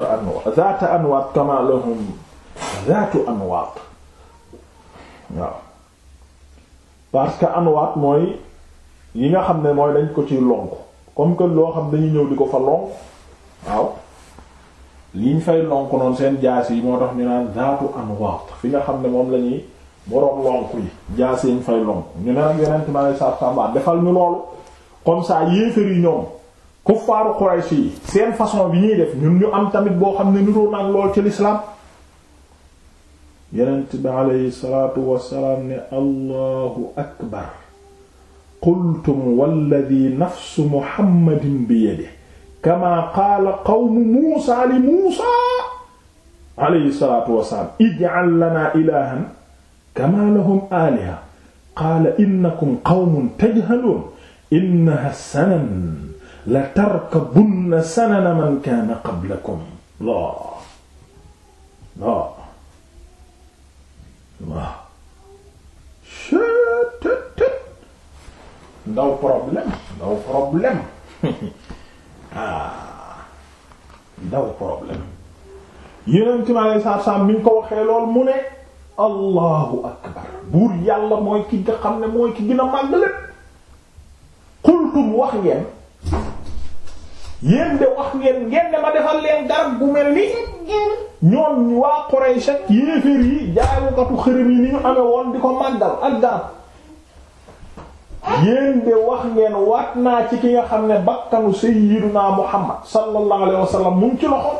anwaat zaata anwaat parce que anwaat mooy yi nga xam ne mooy dañ ko ci lonk comme que loo xam dañu ñëw di ko fa lonk waaw liñ fay lonk noonu seen jaas yi moo tax ñu naan zaatu anwaat fi nga xam ne moom la ñuy boroom lonk yi jaas yi ñu fay lonk ñu ne nag yeneen ci ma ne saab defal ñu loolu comme ça yéefar ñoom kuffaaru Quraysh yi seen façon bi ñuy def ñun ñu am tamit boo xam ne niroo nag lool ci lislaam yonent bi alayhi salaatu wassalaam ne allahu akbar qultum walladi nafsu muhammadin bi yadihi kama qaala qawmu muusa li muusa alayhi salaatu wassalaam ij'al lana ilaahan kama lahum aaliha qaala innakum qawmun tajhaluun innaha sanam la tarkabunna sanana man kaana qablakum laa laa laa ndaw problème ndaw problème ah ndaw problème yeneen ci ma lay saar saam bi ñu ko waxee lool mu ne allahu akbar buur yàlla mooy ki nga xam ne mooy ki gën a màgg lépp qultum wax ngeen yéen wax ngeen ngeen ne ma defal leen garab bu mel ni ñoom waa Quraysh ak yéeféer yi jaayukatu xërëm yi ni ñu amee woon di ko màggal ak garab yéen de wax ngeen waat naa ci ki nga xam ne bakkanu sayyiduna Muhammad sallallahu mu ngi ci loxo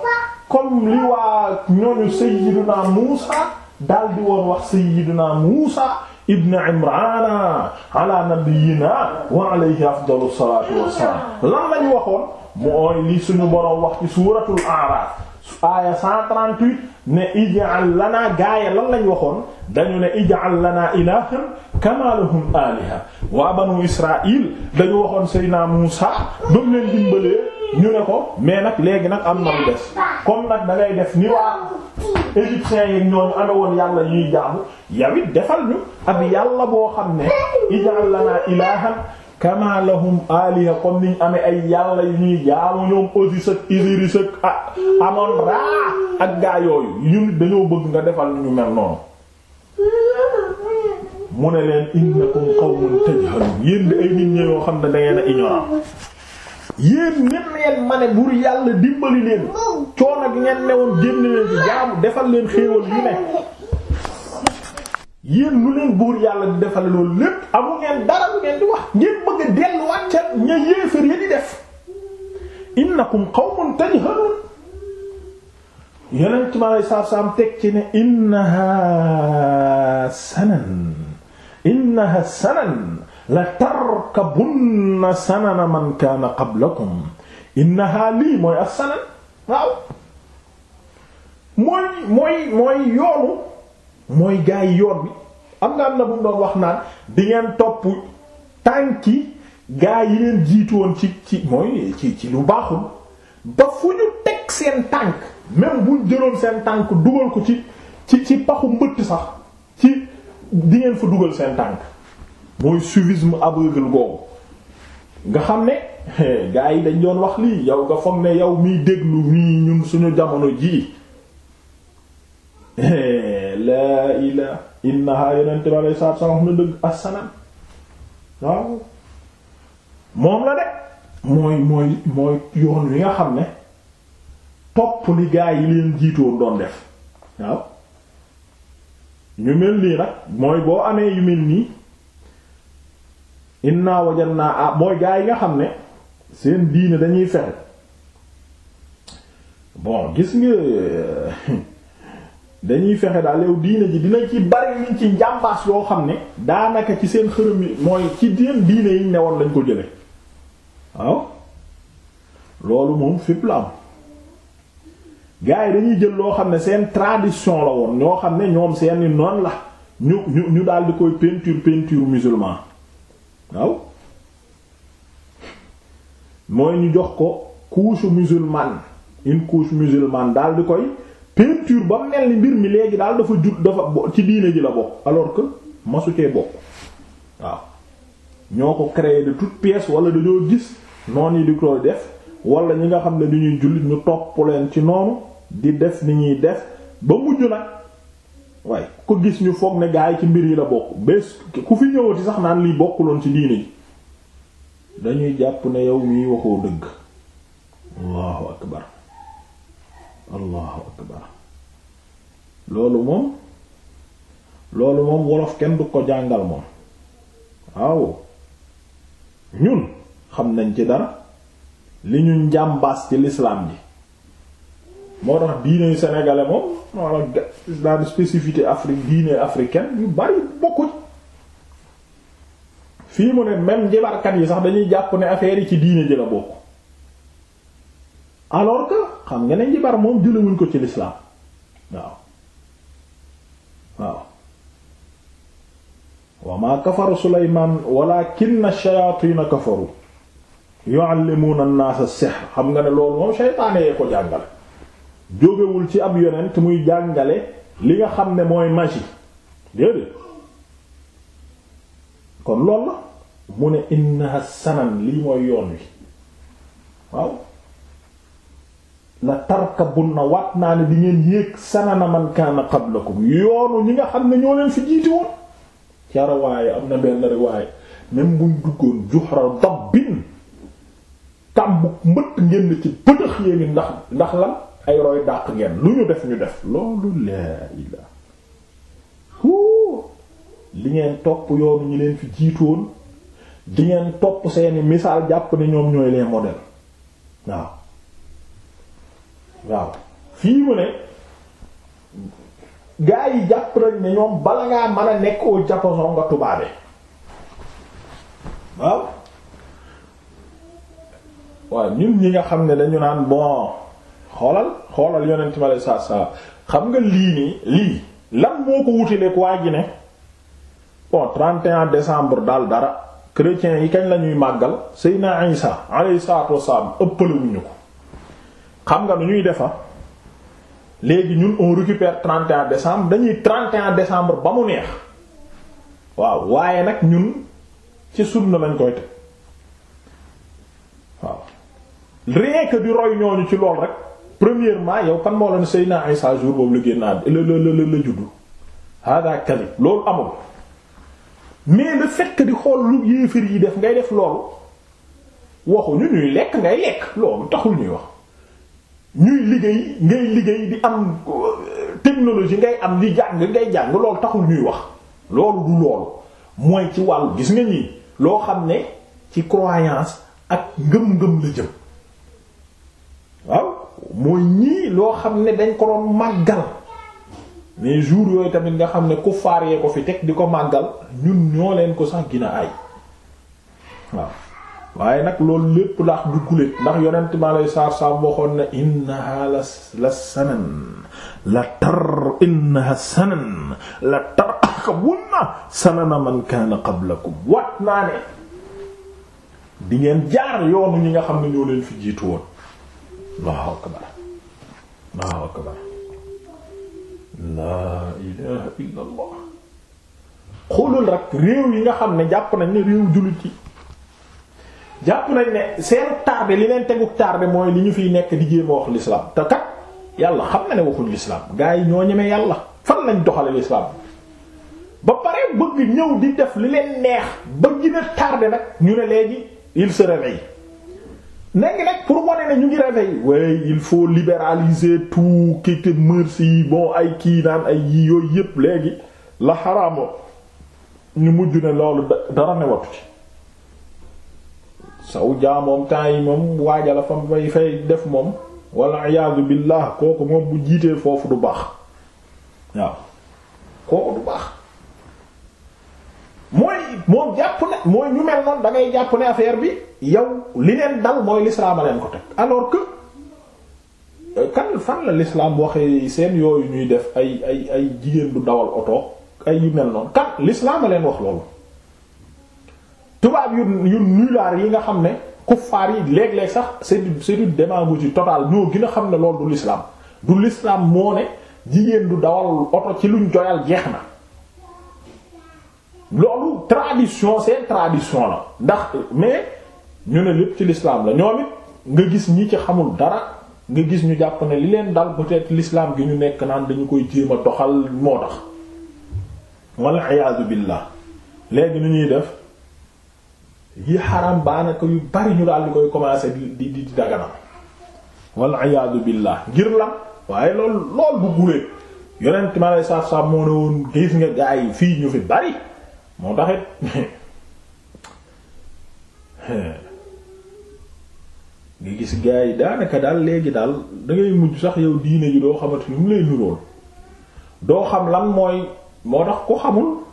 comme li waa ñooñu sayyiduna Muusa daal di woon wax sayyiduna Muusa ibn Imrana ala nabiyyina wa alayhi afdalu salatu wassalam lan lañu waxoon mooy li suñu boroom wax ci suuratul A'raaf aaya 138 ne ij'al lanaa gaaya lan lañ waxoon dañu ne ij'al lanaa ilaahan kamaa lahum aaliha waa banu Israaïl dañu waxoon Seydina Muusaa ba mu leen dimbalee ñu ne ko mais nag léegi nag am na lu des comme nag da def ni waa égyptiens yi ñooñu ame woon yàlla ñuy jaamu yawit defal ñu ab yàlla boo xam ne ij'al lanaa ilaahan kama lahum aliha comme niñ amee ay yàlla yu ñuy jaamu ñoom Osiris ak Isiris ak ah, Amon Ra ak gaa yooyu ñun dañoo bëgg nga defal ñu mel noonu mu ne leen innakum qawmun tajhalun yéen di ay nit ñi yoo xam ne da ngeen a ignorant yéen leen ma ne bur yàlla dimbali leen coono gi ngeen newoon génn leen ci jaamu defal leen xéewal yu ne yéen lu leen buur yàlla di defal loolu lépp amu ngeen dara lu ngeen di wax ngeen bëgg a delluwaat ca ña yéefar ya di def innakum qawmun tajhalun yeneen ci ma lay saaf saam ci ne innaha sanan innaha sanan la tarkabunna sanana man kaana qablakum innaha lii mooy as sanan waaw mooy yoonu mooy gaa yi yoon bi am nga am na bu mu doon wax naan di ngeen topp tànki gaa yi ngeen jiitu woon ci ci mooy ci ci lu baaxul ba fu ñu teg seen tànk même bu jëloon seen tànk dugal ko ci ci ci paxu mbëtt sax ci di ngeen fa dugal seen tànk mooy suivisme aveugle boobu nga xam ne gaa yi dañ doon wax lii yow nga foog ne yow miy déglu nii ñun suñu jamono jii laa ilaa innahaa yonente bi alei satu salaam wax na dëgg assanam waaw moom la de mooy mooy mooy yoon wi nga xam ne topp li gaa yi leen jiitoon doon def waaw ñu mel nii nag mooy boo amee yu mel nii inna wajadna ah mooy gaa yi nga xam ne seen diine dañuy fexe bon gis nga dañuy fexe daal yow diine ji dina ci bari liñ ci njàmbaas yoo xam ne daanaka ci seen xërëm yi mooy ci diine diine yiñ ne woon lañ ko jële waaw loolu moom fépp la am gars dañuy jël loo xam ne seen tradition la woon ñoo xam ne ñoom seeni noon la ñu ñu ñu daal di koy peinture peinture musulman waaw mooy ñu jox ko couche musulmane une couche musulmane daal di koy peinture ba mu mel ni mbir mi léegi daal dafa jur dafa ci diine ji la bokk alors que masu cee bokk waaw ñoo ko créé de toute pièce wala dañoo gis noonu yi di ko def wala ñi nga xam ne du ñuy jullit ñu topp leen ci noonu di def ni ñuy def ba mujj nag waaye ko gis ñu foog ne gaa yi ci mbir yi la bokk bés ku fi ñëwati sax naan liy bokkuloon ci diine ji dañuy jàpp ne yow mii waxoo dëgg allahu akbar allahu akbar loolu moom loolu moom wolof kenn du ko jàngal moom waaw ñun xam nañ ci dara li ñu njàmbaas ci l'islam ji moo tax diine sénégalais moom wala islam spécificité afrique diine africaine yu bari bokkuñ fii mu ne même njibarkat yi sax dañuy jàpp ne affaire yi ci diine ji bokk alors que xam nga ne njibar moom jëlewuñ ko ci lislaam waaw waaw wa maa kafaru suleymaan walaakinna shayaatiina kafaru yu'allimuuna an-naasa as-sihr xam nga ne loolu moom sheytaane yee ko jàngale jógewul ci ab yonent muy jàngale li nga xam ne mooy magie déedéet kon loolu la mu ne innaha sanan lii mooy yoon wi waaw la na wat naa ne di ngeen yéeg sanana man kaana qablakum yoonu ñi nga xam ne ñoo leen fi jiiti woon ca riwaaya am na benn riwaaya même buñ duggoon juhra dabbin tàmbu mbëtt ngeen ci bëtëx yéegi ndax ndax lan ay roy dàq ngeen lu ñu def ñu def loolu laa ilaa huu li ngeen topp yoonu ñi leen fi jiitoon di ngeen topp seeni misaal jàpp ne ñoom ñooy lee modèles waaw waaw fii mu ne gaa yi jàpp nañ ne ñoom bala ngaa mën a nekk au Japon nga tubaabe waaw waaw nit ñi nga xam ne dañu naan bon xoolal xoolal yonent ma lay saa saa xam nga lii nii lii lan moo ko wutaleeg waa gine ne bon 31 décembre daal dara chrétiens yi kañ la ñuy màggal Seydina Isa alayhi salaatu wasalaam ëppalewuñu ko. xam nga nu ñuy defa léegi ñun on récupère 31 décembre dañuy 31 décembre ba mu neex waaw waaye nag ñun ci sunna lañ koy teg waaw rien que di roy ñooñu ci lool rek premièrement yow kan moo la ne Seydina Isa jour boobu la génn naa la la la la juddu hada kalib loolu amul mais le fait di xool lu yéefar yi def ngay def loolu waxu ñu ñuy lekk ngay lekk loolu taxul ñuy wax. ñuy liggéey ngay liggéey di am euh, technologie ngay am di jàng ngay jàng loolu taxul ñuy wax loolu du loolu mooy ci wàllu gis nga ñii loo xam ne ci croyance ak ngëm-ngëm la jëm waaw mooy ñii loo xam ne dañ ko doon màggal mais jour yooyu tamit nga xam ne ku faaree ko fi teg di ko màggal ñun ñoo leen ko sax gina ay waaye nag loolu lépp laax du guléet ndax yonent maa lay saar saam waxoon na innaha la la sanan la tar innaha sanan la tar akabunna sanana man kaana qablakum wat naa ne di ngeen jaar yoonu ñi nga xam ne ñoo leen fi jiitu woon Allahu akbar Allahu laa ilaha illa allah xoolal rek réew yi nga xam ne jàpp nañ ne réew jullit jàpp nañ ne seen tardé li leen teguk tardé mooy li ñu fiy nekk di jéem a wax l'islam te kat yàlla xam na ne waxuñ l'islam gaa yi ñoo ñemee yàlla fan lañ doxale l'islam ba pare bëgg ñëw di def li leen neex ba gina tardé nag ñu ne léegi il se réveille léegi nag pour wane ne ñu ngi réveille way il faut libéraliser tout kii mœurs yi bon ay kii naan ay yii yooyu yépp léegi la xaraamoo ñu mujj ne loolu dara ne watu ci saw jaa moom temps yi moom waajala fam fay fay def moom wala iyaadu billah kooku moom bu jiitee foofu du baax waaw kooku du baax mooy moom jàpp ne mooy ñu mel noonu da ngay jàpp ne affaire bi yow li leen dal mooy lislaama leen ko teg alors que kan fan la l'islam waxee seen yooyu ñuy def ay ay ay jigéen du dawal oto ay yu mel noonu kan lislaama leen wax loolu tubaab yu yu nulaar yi nga xam ne kuffaar yi léeg-léeg sax c'est du c'est ci démagogie totale ñoo gën a xam ne lool du l'islam du l'islam moo ne jigéen du dawal oto ci luñ joyal jeex na loolu tradition c'est tradition la ndax mais ñu ne lépp ci l'islam la ñoom it nga gis ñi ci xamul dara nga gis ñu jàpp ne li leen dal peut-être l'islam gi ñu nekk naan dañu koy jéem a doxal moo tax wal iyaadu billah léegi nu ñuy def yi xaram baanaka yu bari ñu daal di koy commencer di di di daganam walla iyaadu billaah ngir la waaye loolu lool bu gulee yonent ma lay saaf saaf moo ne woon gis nga gaa yi fii ñu fi bari moo taxit nga gis gaa yi daanaka daal léegi daal dangay mujj sax yow diine ji doo xamante ni mu lay nurool doo xam lan mooy moo tax ko xamul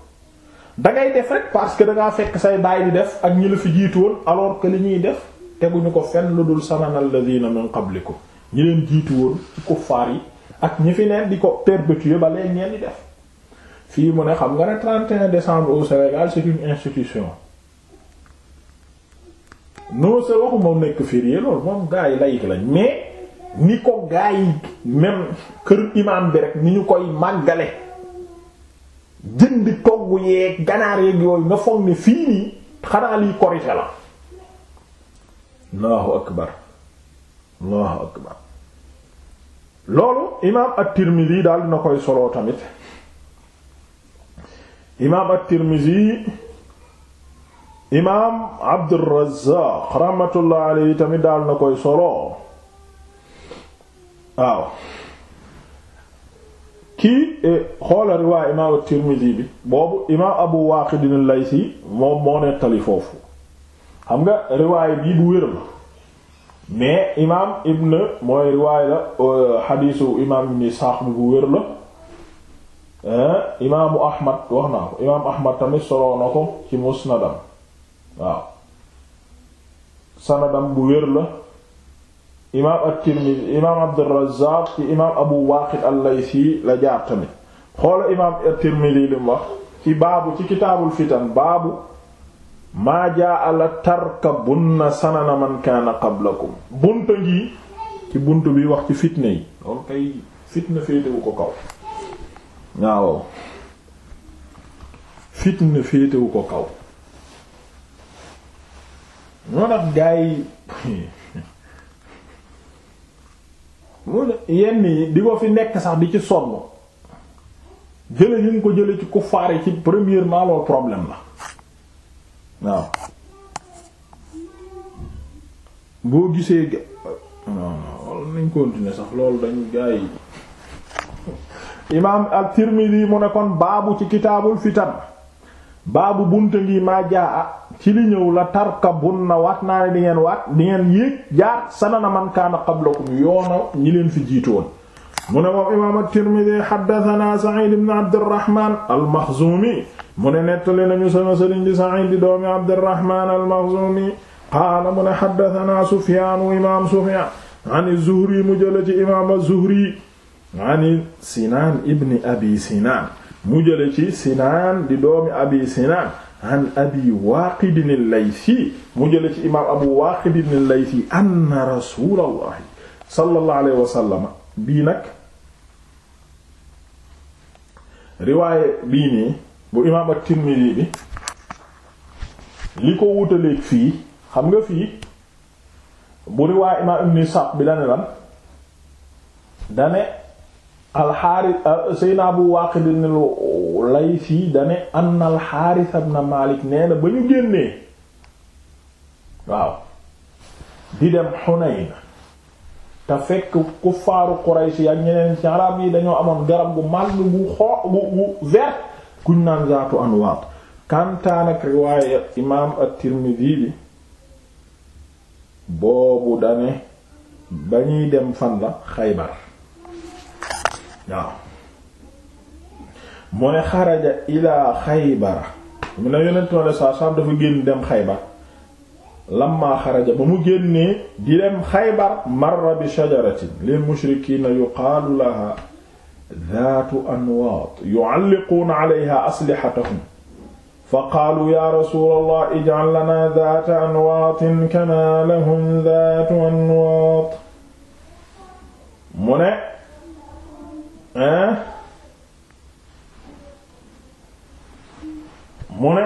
dangay ngay def rek parce que da fekk say baay di def ak ñi la fi jiitu woon alors que li ñuy def teguñu ko fenn lu dul sanana alladhina min qablikum ñi leen jiitu woon ci kuffaar yi ak ñi fi neen di ko perpétuer ba léegi ngeen di def fii mu ne xam nga ne 31 décembre au Sénégal c'est une institution non c'est waxu moom nekk férié loolu moom gaa yi laïc lañ mais ni ko gaa yi même kër imam bi rek ni ñu koy màggale jëndi togg yeeg ganaar yeeg yooyu nga foog ne fii nii xanaa liy korite la allahu akbar allahu akbar loolu imaam at daal dina koy soloo tamit imaam at-Tirmidhi imaam Abdurrazzaq rahmatullah alayhi tamit daal na koy soloo waaw kii e, xoola riwaay imaam Tirmidi bi boobu imaam Abu Waaqid al-Laysi moom moo nettali foofu xam nga riwaay bii bu wér la mais imaam Ibn mooy riwaay la e, xadiisu imaam Ibn Isxaaq bi bu wér la e, imaamu Ahmad wax naa ko imaam Ahmad tamit soloo ko ci musnadam waaw sanadam bu wér la imaam at-Tirmidhi ci imaam Abu Waaqid al la jaar tamit xoola imaam at-Tirmidhi li mu wax ci baabu ci kitaabul fitan baabu maa jaa ala tarkabunna sanana man kaana qablakum bunt ngi ci bunt bi wax ci fitna yi fitna féetewu ko kaw waaw fitna féetewu ko kaw ñoo tax gaa mu yenn yi di ko fi nekk sax di ci sonn jële ñu ngi ko jële ci kuffaar yi ci premièrement loolu problème la waaw boo gisee ga non nañ continuer sax loolu dañu gaa yi imaam at-Tirmidhi mu ne kon baabu ci kitaabul fitan baabu bunta ngi maa jaa ci li ñëw la tarkabunna waat naa ne di ngeen waat di ngeen yéeg jaar sanana man kaana qablakum yoona ñi leen fi jiitoon mu ne moom imaam at-Tirmidhi haddathana Sa'id ibn Abdurrahman al-Makhzumi mu ne nettali nañu sama sëriñ di Sa'id di doomi Abdurrahman al-Makhzumi qaala mu ne haddathana Sufyan imaam Sufyan an az-Zuhri mu jële ci imaam az-Zuhri an Sinan ibn Abi Sinan mu jële ci Sinan di doomi Abi Sinan an abi waaqidin al-laysi mu jële ci imaam abu waaqidin al-laysi anna rasuulallahi sallallahu alayhi wa bii nag riwaaye bii nii bu imaam at bi li ko wutaleeg fii xam nga fii bu riwaaye imaam ibn Sa'd bi la ne dane alxaaris euh, sayna abu waaqid ibn laysi dane ann alxaaris ibn malik nee na ba ñu génnee waaw di dem xunayn te fekk kuffaaru quraysh ak ñeneen ci arab yi dañoo amoon garab gu màgg bu xoo bu bu vert kuñ naan zaatu anwaat kantaan ak riwaaya imaam at-tirmidhi bi boobu dane ba ñuy dem fan la xaybar waaw mu ne xaraja ilaa xaybara mu ne yonent mi alayhi salaatu salaam dafa génn dem xaybar lamma xaraja ba mu génnee di dem xaybar marra bi shajaratin lil mushrikiina yuqaalu laha daatu anwaat yu'alliquuna alayha aslihatahum fa qaalu ya rasulallah ij'al lana daata anwaatin kamaa lahum daatu anwaat mu ne mu ne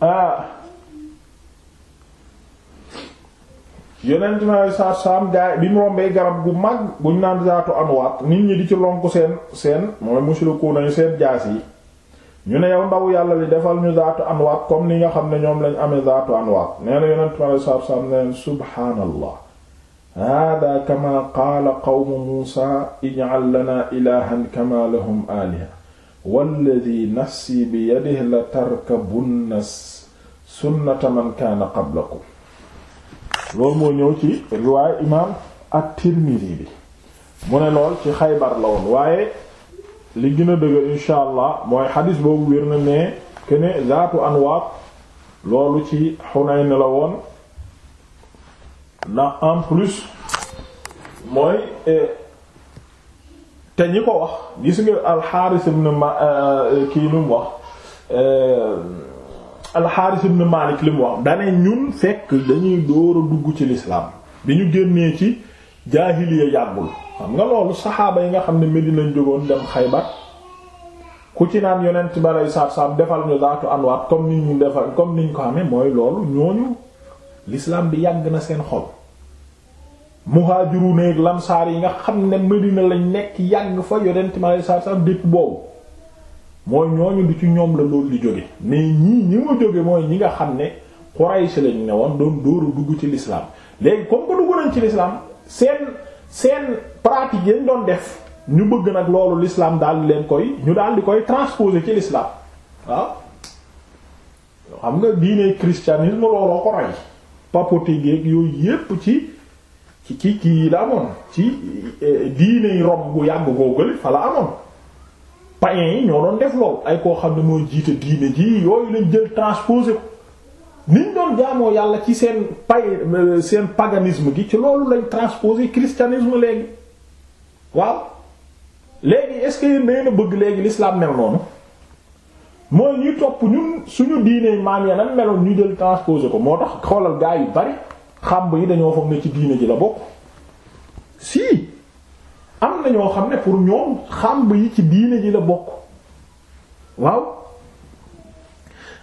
ah yonent naa saar saam gaa bi mu rombee garab gu mag bu ñu naan zaatu anwaat nit ñi di ci lonku seen seen mooy mushriku nañu seen jaas yi ñu ne yow ndaw yàlla li defal ñu zaatu anwaat comme ni nga xam ne ñoom lañ amee zaatu anwaat nee na yonent naa saar saam ne subhaanallah hada kama qaala qawmu muusa ij'al lana ilahan kama lahum aaliha walladi nafsi bi yadihi la tarkabunna sunnata man kaana qablakum loolu moo ñëw ci riwaaya imaam at-Tirmidhi bi mu ne lool ci Xaybar la woon waaye li gën a dëgër insha allah mooy xadis boobu wér na ne kene zaatu anwaat loolu ci Xunayn la woon ndax en plus mooy eh, te ñi ko wax gis nga alxaaris ibn ma eh, kii lu mu eh, Malik li mu wax dane ñun fekk dañuy door a dugg ci lislaam bi ñu génnee ci jaahiliya yàggul xam nga loolu saxaaba yi nga xam ne Medina lañ jógoon dem Xaybar ku ci naan yonent ba lay saab saab defal ñu daatu anwaat comme ni ñu defal comme ni ñu ko xamee mooy loolu ñooñu lislaam bi yàgg na seen xob muhaajiruun ak lamsaar yi nga xam ne Medina lañ nekk yàgg fa yonent ma lay saa saa dëkk boobu mooy ñooñu du ci ñoom la loolu li jóge mais ñii ñi mooy ñi nga xam ne Quraysh lañ ne woon doon dóoru dugg ci l'islam léegi comme ko dugg nañ ci l'islam seen seen pratique yañ doon def ñu bëgg nag loolu lislaam daal leen koy ñu daal di koy transposer ci l'islam waaw xam nga diine christianisme looloo ko rey papauté geeg yooyu yépp ci ci ci kii la amoon ci e, e, diine yi Rome bu yàgg googale fa la amoon païens yi ñoo doon def lool ay koo xam ne moo jiite diine ji yooyu lañ jël transpose ko niñ doon yàlla ci seen pay e, seen paganisme gi ci loolu lañ transposé christianisme léegi waaw léegi est-ce que yéen na bëgg léegi l'islam mel noonu mooy ñuy topp ñun suñu diine maam ya nan meloon ñu jël transposé ko moo tax xoolal gaa yu bari xàmb yi dañoo foog ne ci diine ji la bokk si am na ñoo xam ne pour ñoom xamb yi ci diine ji la bokk waaw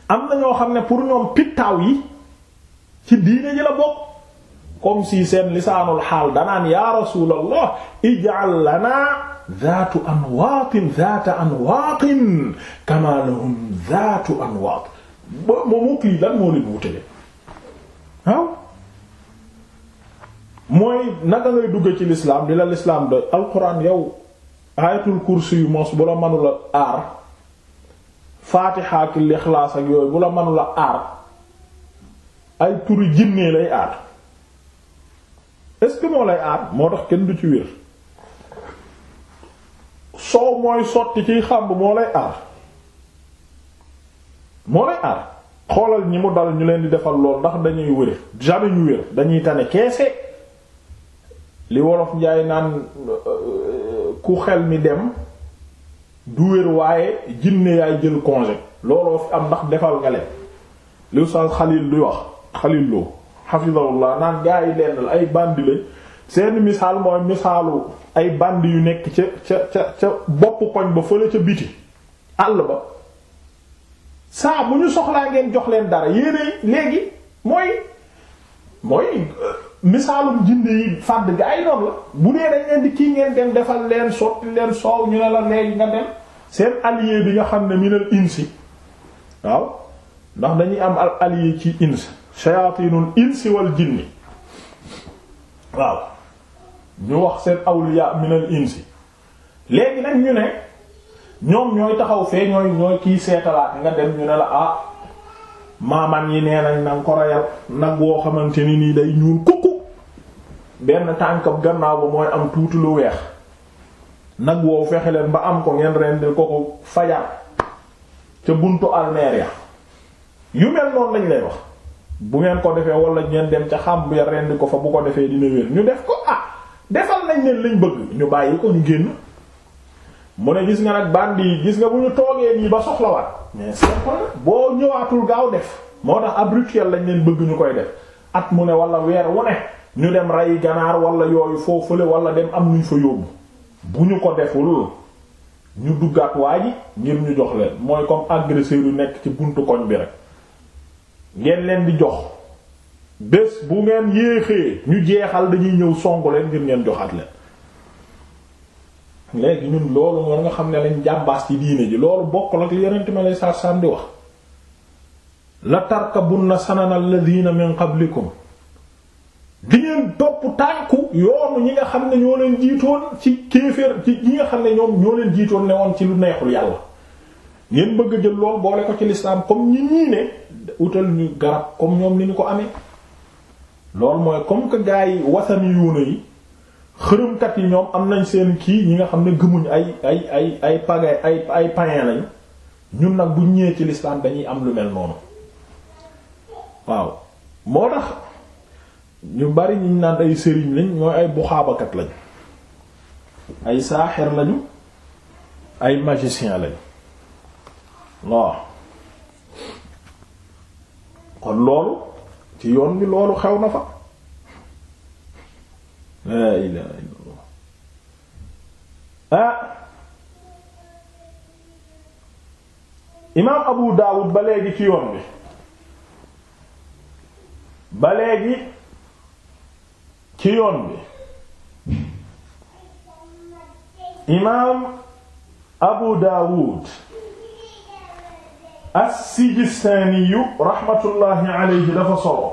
am na ñoo xam ne pour ñoom pittaaw yi ci diine ji la bokk comme si seen lisaanul xaal danaan ya rasulallah ij'al lana zaatu anwaatin zaata anwaatin kama lahum anwaat ba moom moo moo leen wutale waaw mooy naka ngay dugg ci lislaam di la lislaam doy alquran yow ayatul kursi yu mos bu la mënula aar faatiha ak lixlaas ak yooyu bu la mënula aar ay turi jinnee lay aar est-ce que moo lay aar moo tax kenn du ci wér soow mooy sotti ciy xàmb moo lay aar moo lay aar xoolal ñi mu dal ñu leen di defal lool ndax dañuy wér jamais ñu wér dañuy tane keese li wolof njaay naan euh, ku xel mi dem du wér waaye jinne yaay jël congé looloo fi am ndax defal nga leen li sa xalil luy wax xalil loo xafisahullah naan gaa yi lenn ay bandi lañ seen misaal mooy misaalu ay bandi yu nekk ca ca ca bopp koñ ba fële ca biti àll ba saa bu ñu soxlaa ngeen jox leen dara yéene léegi mooy mooy misaalum jinde yi fàdd ga ay noonu la bu dee dañ leen di kii ngeen dem defal leen sotti leen soow ñu ne la léegi nga dem seen allié bi nga xam ne minal insi waaw ndax dañuy am al ci ins shayatinul insi wal jinni waaw ñu wax seen awliya minal insi léegi nag ñu ne ñoom ñooy taxaw fee ñooy ñooy kii seetalaat nga dem ñu ne la ah maaman yi nee nañ nanga ko nag woo xamante ni nii day ñuul kukku benn tànkam gannaaw ba mooy am tuuti lu weex nag woowu fexe leen ba am ko ngeen rendil ko ko fajar ca buntu almeria yu mel noonu lañ lay wax bu ngeen ko defee wala ngeen dem ca xàmb ya rend ko fa bu ko defee dina wér ñu def ko ah defal nañ leen liñ bëgg ñu bàyyi ko ñu génn mu ne gis nga nag bandi yi gis nga bu ñu toogee nii ba soxlawaat boo ñëwaatul gaaw def moo tax ab rituel lañ leen bëgg ñu koy def at mu ne wala weer wu ne ñu dem rey ganaar walla yooyu foofule wala dem am nuñ fa yóbbu bu ñu ko deful ñu duggaat waa ji ngir ñu jox leen mooy comme agresseur yu nekk ci buntu koñ bi rek ngeen leen di jox bés bu ngeen yéexee ñu jeexal dañuy ñëw songu leen ngir ngeen joxaat leen léegi ñun loolu moom nga xam ne lañ jàmbaas ci diine ji loolu bokkul ak li ma lay saar saam di wax la na tarkabunna sanana alladhina li ko di ngeen topp tànku yoonu ñi nga xam ne ñoo leen jiitoon ci kéeféer ci ñi nga xam ne ñoom ñoo leen jiitoon ne woon ci lu neexul yàlla ngeen bëgg a jël lool boole ko ci lislaam comme ñi ñii ne utal ñu garab comme ñoom ni ñu ko amee loolu mooy comme que gars yi wasani yuuna yi xërëmkat yi ñoom am nañ seen kii ñi nga xam ne gëmuñ ay ay ay ay pagay lañ ñun nag buñ ñëwee ci lislaam dañuy am lu mel noonu waaw moo tax ñu bari ñu naan ay sëriñ lañ mooy ay buxaabakat lañ ay saaxir lañu ay magicien lañ waaw kon loolu ci yoon bi loolu xew na fa laa ilaaha illallaah ah imaam Abu Daawud ba léegi ci yoon bi ba léegi ci yoon bi imaam abu daawud as-sijistaaniyu raxmatullaahi alayhi dafa solo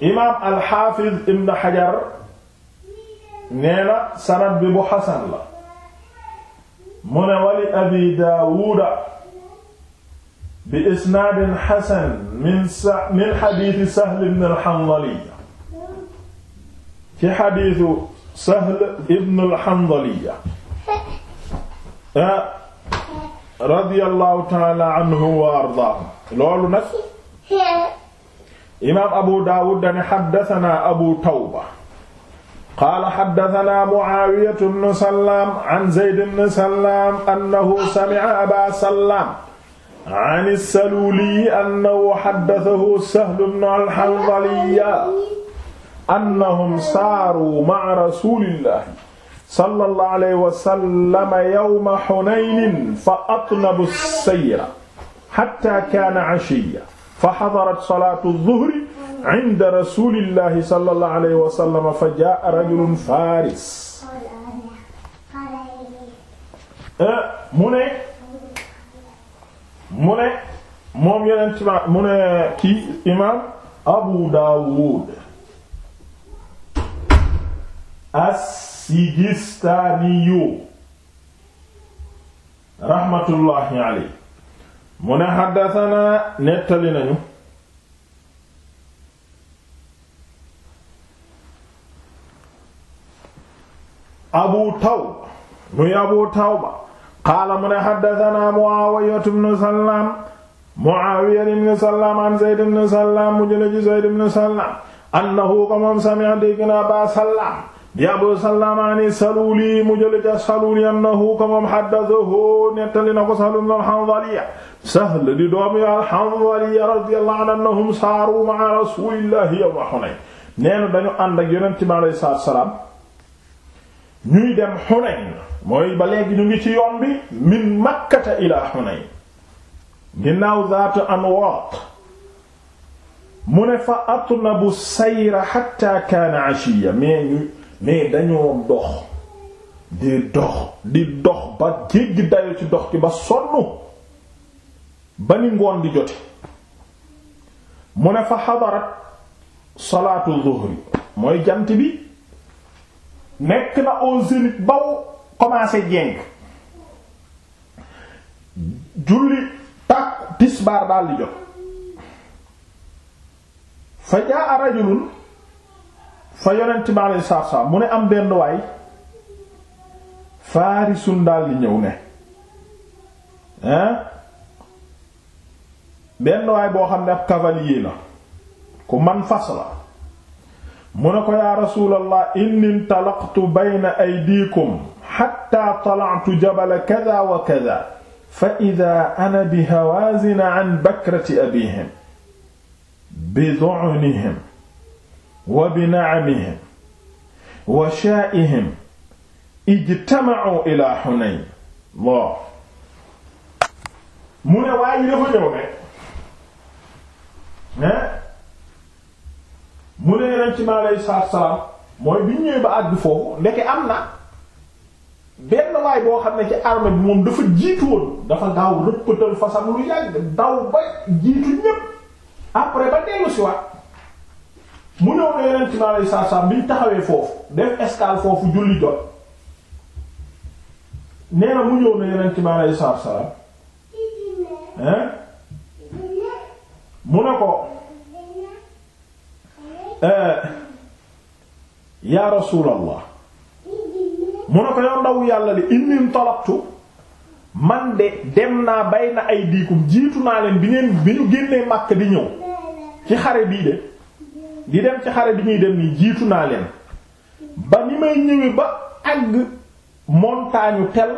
imaam alxaafiz ibn xajar nee na sanad bi bu xasan la mu ne wali abi daawuda bi isnaadin xasan min sa min xadiisi Sahl ibn al-Hanzali ci xadiisu Sahl ibn al-Hanzali ah, radiyallahu taala anhu wa ardaahu loolu nag imaam Abu Daawud dane xaddasanaa Abu Tawba qaala xaddasanaa Mu'aawiya ibn Sallaam an Zayd ibn Sallaam annahu sami'a Abaa Sallaam an as-Saluuli annahu haddathahu Sahl ibn al-Hanzali annahum saaru ma'a rasuulillahi sallallahu alayhi wa sallam yawma Hunaynin fa atlabu as-sayra hatta kaana 'ashiyyan fa hadarat salaatu adh-dhuhri 'inda rasuulillahi sallallahu alayhi wa sallam fa jaa'a rajulun faaris mu ne mu ne moom yeneen timaam mu ne kii imaam Abu Dawud as-Sijistaaniyu raxmatullaahi alayhi mu ne nettali nañu Abu Tawba muy Abu Tawba qaala mu ne xaddasanaa Muaawiyatu bnu Sallaam Muaawiya ibnu Sallaam an Zayd ibnu Sallaam mu jële ci Zayd ibnu Sallaam annahu ko moom sami'a dégg na Abaa Sallaam di Abu Sallaam an Saluuli mu jële ci Saluuli annahu ko moom haddathahu nettali na ko Sahl ibnu al-Hanzaliya Sahl di doomi al-Hanzaliya radiyallahu anhu annahum saaru ma'a Rasuulillaahi yawma Hunayn nee na dañu ànd ak Yonent bi alayhi salaatu wa salaam ñuy dem Hunayn mooy ba ñu ngi ci yoon bi min makkata ila Hunayn ginnaaw zaatu anwaat mu ne fa atlabu sayra hatta kaana ashiya mais dañoo dox di dox di dox ba jéggi dayo ci dox ci ba sonn ba ni ngoon di jote mu ne fa xadarat salaatu zuhri mooy jant nekk na au zénith baw commencé jeng julli tak tisbaar daal di jot fa jaa rajulun fa yonent bi alayhi salaatu mu ne am benn waay faarisun daal di ñëw ne hein benn waay boo xam ne ab cavalier la ku man fas la mu ne ko yaa rasuulallah inni ntalaqtu bayna aydiikum xatta tala'tu jabala kada wa kada fa idaa ana bi hawaazina an bakrati abiihim bi du'unihim wa bi na'amihim wa shaa'ihim ijtama'u ilaa Hunayn Allah mu ne waaye dafa ñëw ne mu ne ren ci ma aleyhi salaatu salaam mooy bi ñëwee ba àgg foofu ndeke am na benn waay boo xam ne ci armée bi moom dafa jiitu woon dafa gaaw rëppatal fasam lu yàgg daw ba jiitu ñépp après ba dellu si waat mu ñëw ne ren ci ma aleyhi salaatu salaam bi ñu taxawee foofu def escale foofu julli jot nee na mu ñëw ne ren ci ma aleyhi salaatu salaam mu ne ko. Eh, yaa rasuulallah mu ne ko yow ndaw yàlla li inni talaqtu man de dem naa bay na ay diikum jiitu naa leen bi ngeen bi ñu génnee Makka di ñëw ci xare bii de di dem ci xare bi ñuy dem nii jiitu naa leen ba ni may ñëwee ba àgg montagne tel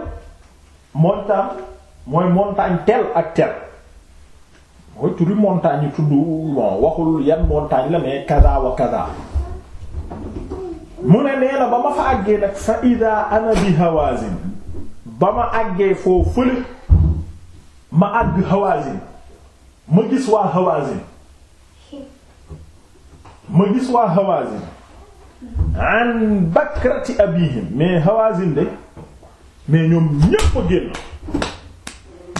montagne mooy montagne tel ak tel mooy turi montagne yi tudd bon waxul yan montagne la mais kaza wa kaza mu ne nee na ba ma fa àggee nag fa ida ana hawazin ba ma àggee foo fële ma àgg hawazin ma gis waa hawazin ma gis waa hawazin an bakrati abihim mais hawazin de mais ñoom ñépp a génn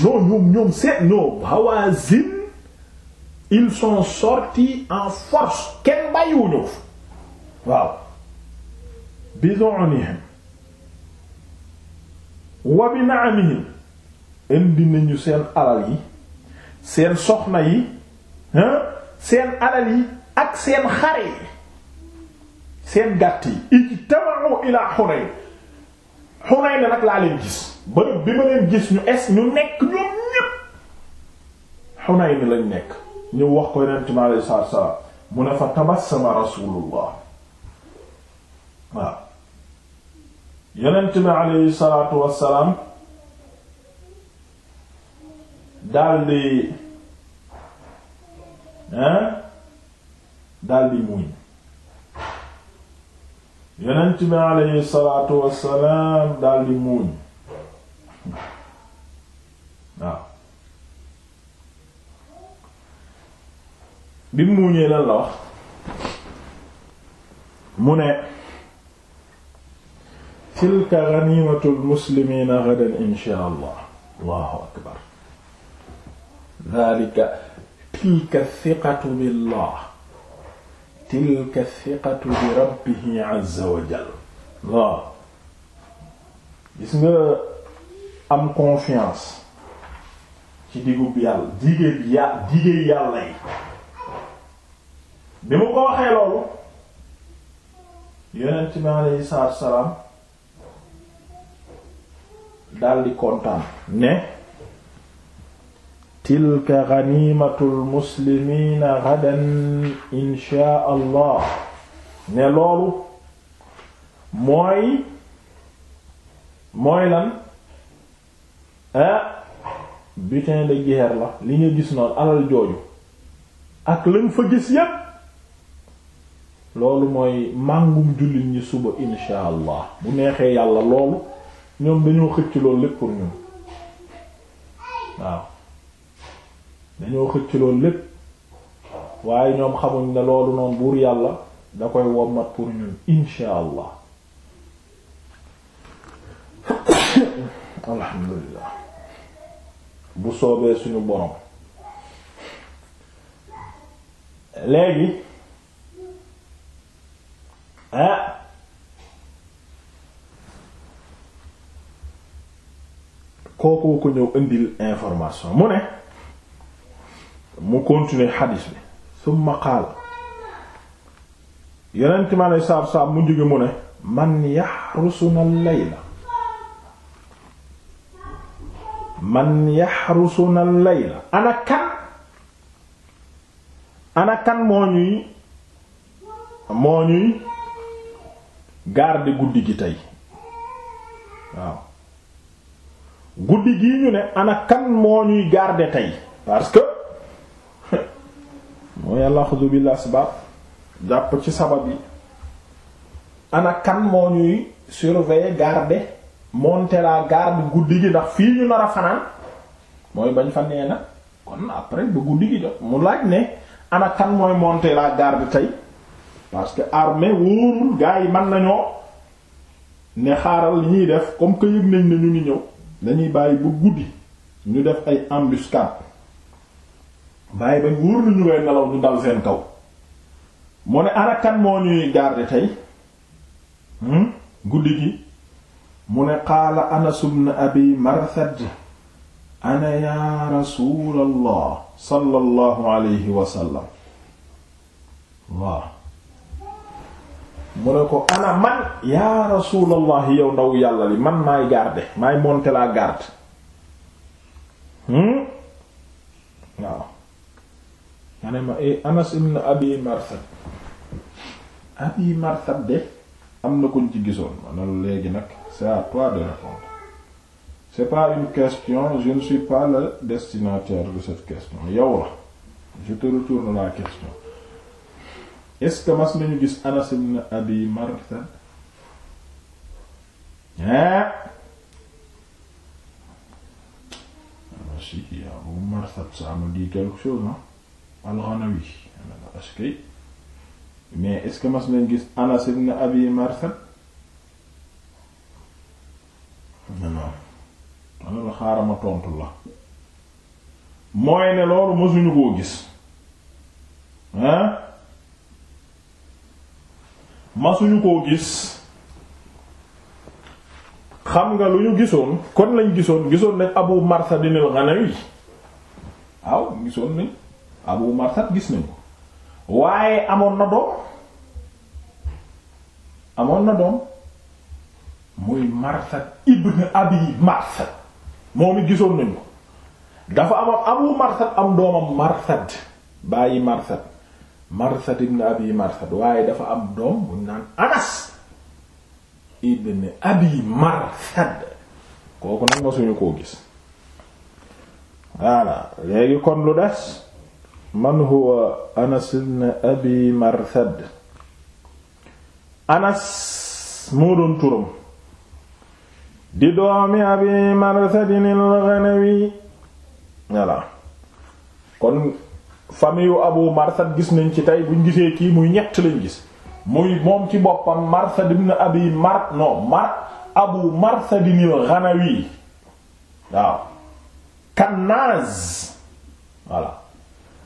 non ñoom seet ñoom hawazin ils sont sortis en force kenn bàyyiwuñu ko waaw bidonihim wa bi naamihim indi nañu seen alal yi seen soxna yi seen alal yi ak seen xare yi seen gàtt yi ijtama'u ila Hunayn Hunayn nag laa leen gis bërëb bi ma leen gis ñu es ñu nekk ñoom ñépp Hunayn lañ nekk ñëw wax ko yonent mi alayhi salaatu salaam mu ne fa tabassama rasulullah waaw yonent mi alayhi salaatu wassalaam daldi hein daldi muuñ yonent mi alayhi salaatu wassalaam daldi muuñ bi mu muuñee lan la mu ne tilka ganimatul muslimiina gadan insha allah allahu akbar daalika tilka thiqatu billah tilka thiqatu bi rabbihi azza wa jalla waaw gis nga am confiance ci digub yàlla digéeb yà digéey yàlla yi bi mu ko waxee loolu yonent bi alayhi salaatu wa salaam daldi kontaan ne tilka ganimatul muslimiina gadan inshaa allah ne loolu mooy mooy lan ah de guerre la li nga gis noonu alal jooju ak lañ fa gis yépp loolu mooy màngum jullit ñi suba insha allah bu neexee yàlla loolu ñoom dañoo xëcc loolu lépp waaye ñoom xamuñ ne loolu noonu buur yàlla da koy wommat pour ñun insha allah alhamdulillah bu soobee suñu borom léegi ah kooku ko ñëw indil information mu ne mu continuer xadiis bi summa qaala yonent ma ne saab saab mu jóge mu ne man yaxrusuna layla man yaxrusuna layla ana kan moo ñuy moo ñuy garde guddi gi tey waaw guddi gii ñu ne ana moo ñuy garde tey parce que mooy alaxdu bil asbab jàpp ci sabab yi anakan kan moo ñuy surveiller garde monter la garde guddi gi ndax fii ñu nar a fanaan mooy bañ fa nee kon après ba guddi gi jot mu laaj ne ana mooy monter garde tey parce que armée wóorul gars yi mën nañoo ne xaaral ñuy def comme que yëg nañ ne ñu ngi ñëw dañuy bàyyi bu guddi ñu def ay embuscade bàyyi ba wóor nañu ngay nelaw ñu dal seen kaw mu ne ana kan moo ñuy garder tey hmm? guddi gi mu ne qaala Anas ibn Abi Marthad ana ya rasulallah sallallahu alayhi wa sallam mu ne ko ana man yaa rasulallah yow ndaw yàlla li man maay garde maay monter la garde hmm waaw nga ne ma eh, Anas ibn Abi Marsad Abi Marsad de am na kuñ ci gisoon ma ne léegi nag c'est à toi de répondre c'est pas une question je ne suis pas le destinataire de cette question yow la je te retourne la question est-ce que mas nañu gis Anas ibn Abi Marthad ah si Abu Marthad ça me dit quelque chose ah al-Ghanawi mais est-ce que mas nañu gis Anas ibn Abi Marthad non non xaaral ma tontu la mooy ne loolu masuñu koo gis ah masuñu koo gis xam nga lu ñu gisoon kon lañ gisoon gisoon nañ Abu Marsad al-Ghanawi waaw gisoon nañ Abu Marsad gis nañ ko waaye amoon na doom amoon na doom muy Marsad ibn Abi Marsad moom it gisoon nañ ko dafa amoon Abu Marsad am doomam Marsad bàyyi Marsad marsad ibn abi marsad waaye dafa am doom buñ naan anas ibn abi marsad kooku nag ma suñu koo gis voilà léegi kon lu des man huwa anas ibn abi marsad anas moo doon turam di doomi abi marsadin al-ghanawi voilà kon famille yu Abu Marsad gis nañ ci tey buñ gisee kii muy ñett lañ gis muy moom ci boppam Marsad ibn Abi Mar non Mar Abu Marsad al-Ghanawi waaw Kannaz voilà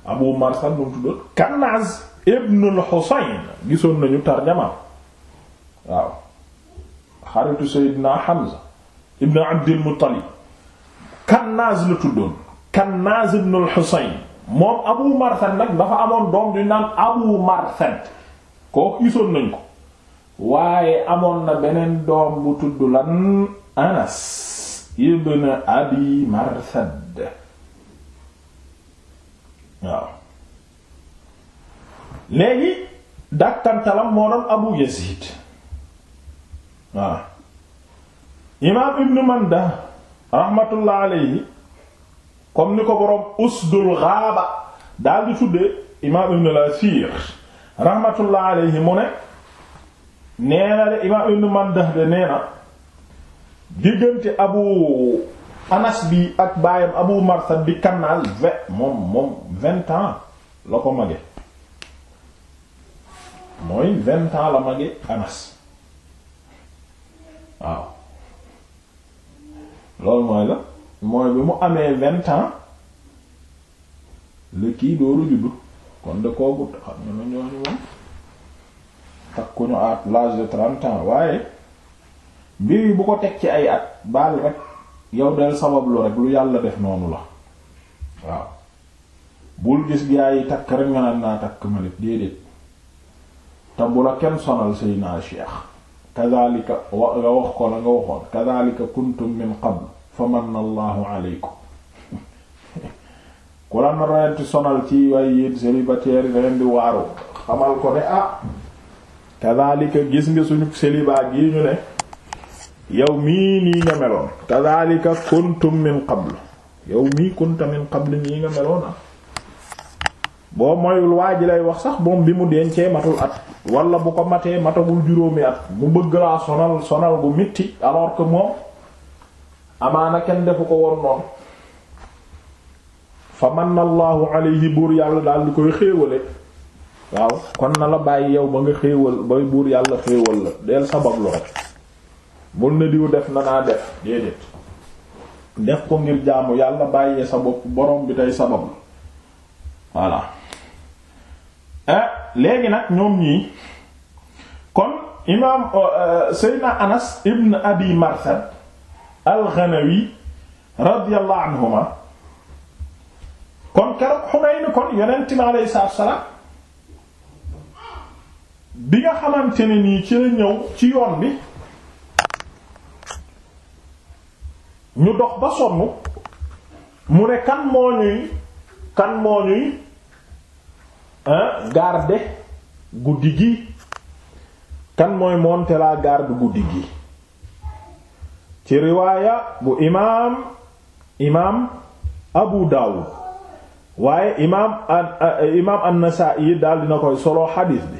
Abu Marsad nu tuddoon Kannaz ibn al-Husayn gisoon nañu tarjama waaw xaritu Seydina Hamza ibn Abdil Muttalib Kannaz la tuddoon Kannaz ibn al-Husayn moom abu marsan nag dafa amoon doom di naan abu marsan kooku gisoon nañ ko waaye amoon na beneen doom bu tudd lan anas ibn abi marsad waaw léegi dàkkantalam moo doon abu yazid waaw imaam ibn manda rahmatullah alayhi comme ni ko boroom usdul ghaaba daal di tuddee imaam ibn al-Asiir rahmatullah alayhi mu ne nee de imaam ibn Mandah de nee diggante abu anas bi ak baayam abu marsad bi kannaal moom moom vingt ans la ko mage mooy vingt ans la mage anas waaw loolu mooy la mooy bi mu amee vingt ans le kii dooru juddu kon da koo gudd xam nga ne ñooñu waaye mbir yi bu ko teg ci ay at baal rek yow del sabablu rek lu yàlla def noonu la waaw bul gis gaa yi takk rek nga naan naa takk ma nit déedéet te bu la kenn sonal say naa cheikh kadhalika wa nga wax ko la nga waxoon kadhalika kuntum min qabl fa manna allahu aleykum ku la narenti sonal ci waaye yéen célibataire yi leen di waaru xamal ko ne ah kadhalika gis nga suñu célibat gi ñu ne yow mii nii nga meloon kadhalika kuntum min qabl yow mii kuntum min qabl nii nga meloon ah boo moyul waa ji lay wax sax moom bi mu dencee matul at wala bu ko matee matagul juróomi at mu bëgg laa sonal sonal bu mitti alors que moom amaana kenn defu ko woon noonu fa manna allahu alayhi buur yàlla daal di koy xéewale waaw kon na la bàyyi yow ba nga xéewal ba buur yàlla xéewal la del sabab lu rek bul ne diw def na naa def déedéet def ko ngir jaamu yàlla bàyyee sa bopp borom bi tey sabab la voilà eh, léegi nag ñoom ñii kon imaam euh, Seydina Anas ibn Abi Marsad al-Ghanawi radiyallahu anhuma kon keroog Hunayn kon yonent mi alayhi salaatu salaam bi nga xamante ne nii ci la ñëw ci yoon bi ñu dox ba sonn mu ne kan moo ñuy kan moo ñuy garde guddi gi kan mooy monte la garde guddi gi ci riwaaya bu imaam imaam Abu Dawud waaye imaam eh, imaam an-Nasa'i daal dina koy solo xadiis bi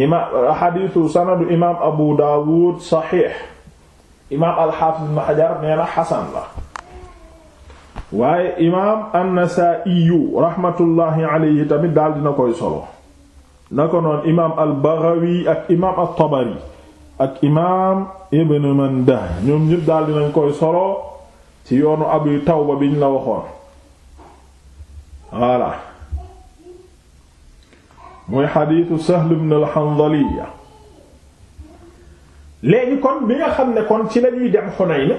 imaam xadiisu sanadu imaam Abu Dawud saxiix imaam al-Hafiz Ibn Hajar nee na xasan la waaye imaam an-Nasa'i raxmatullaahi alayhi tamit daal dina koy solo na ko noon imaam al-Baghawi ak imaam at-Tabari ak imaam. ibn Mandah ñoom ñëpp daal dinañ koy solo ci yoonu Abu Tawba biñ la waxoon voilà muy xadiitu Sahl ibn al léegi kon bi nga xam ne kon ci lañuy dem Hunayn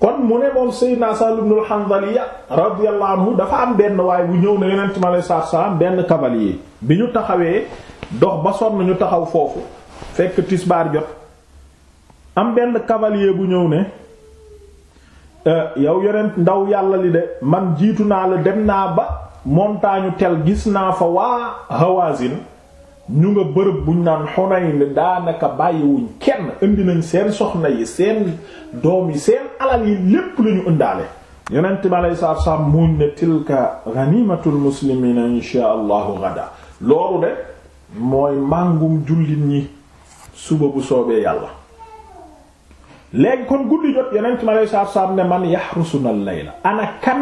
kon mu ne moom Seydina Sahl ibn al-Hanzaliya radiyallahu anhu dafa am benn waay bu ñëw na Yonent mi alayhi salaam benn cavalier bi ñu taxawee dox ba sonn ñu taxaw foofu fekk tisbaar jot am benn cavalier bu ñëw ne euh, yow yonent ndaw yàlla li de man jiitu naa la dem naa ba montagne tel gis naa fa waa Hawazin ñu nga bërëb buñ naan Hunayn daanaka bàyyiwuñ kenn indi nañ seen soxna yi seen doom yi seen alal yi lépp lañu indaale yonent bi aleyhi salaatu salaam ne tilka ganimatul muslimina insha allahu gada loolu de mooy màngum jullit ñi suba bu soobee yàlla léegi kon guddi jot yeneen ci ma lay saab ne man yaxrusuna layla ana kan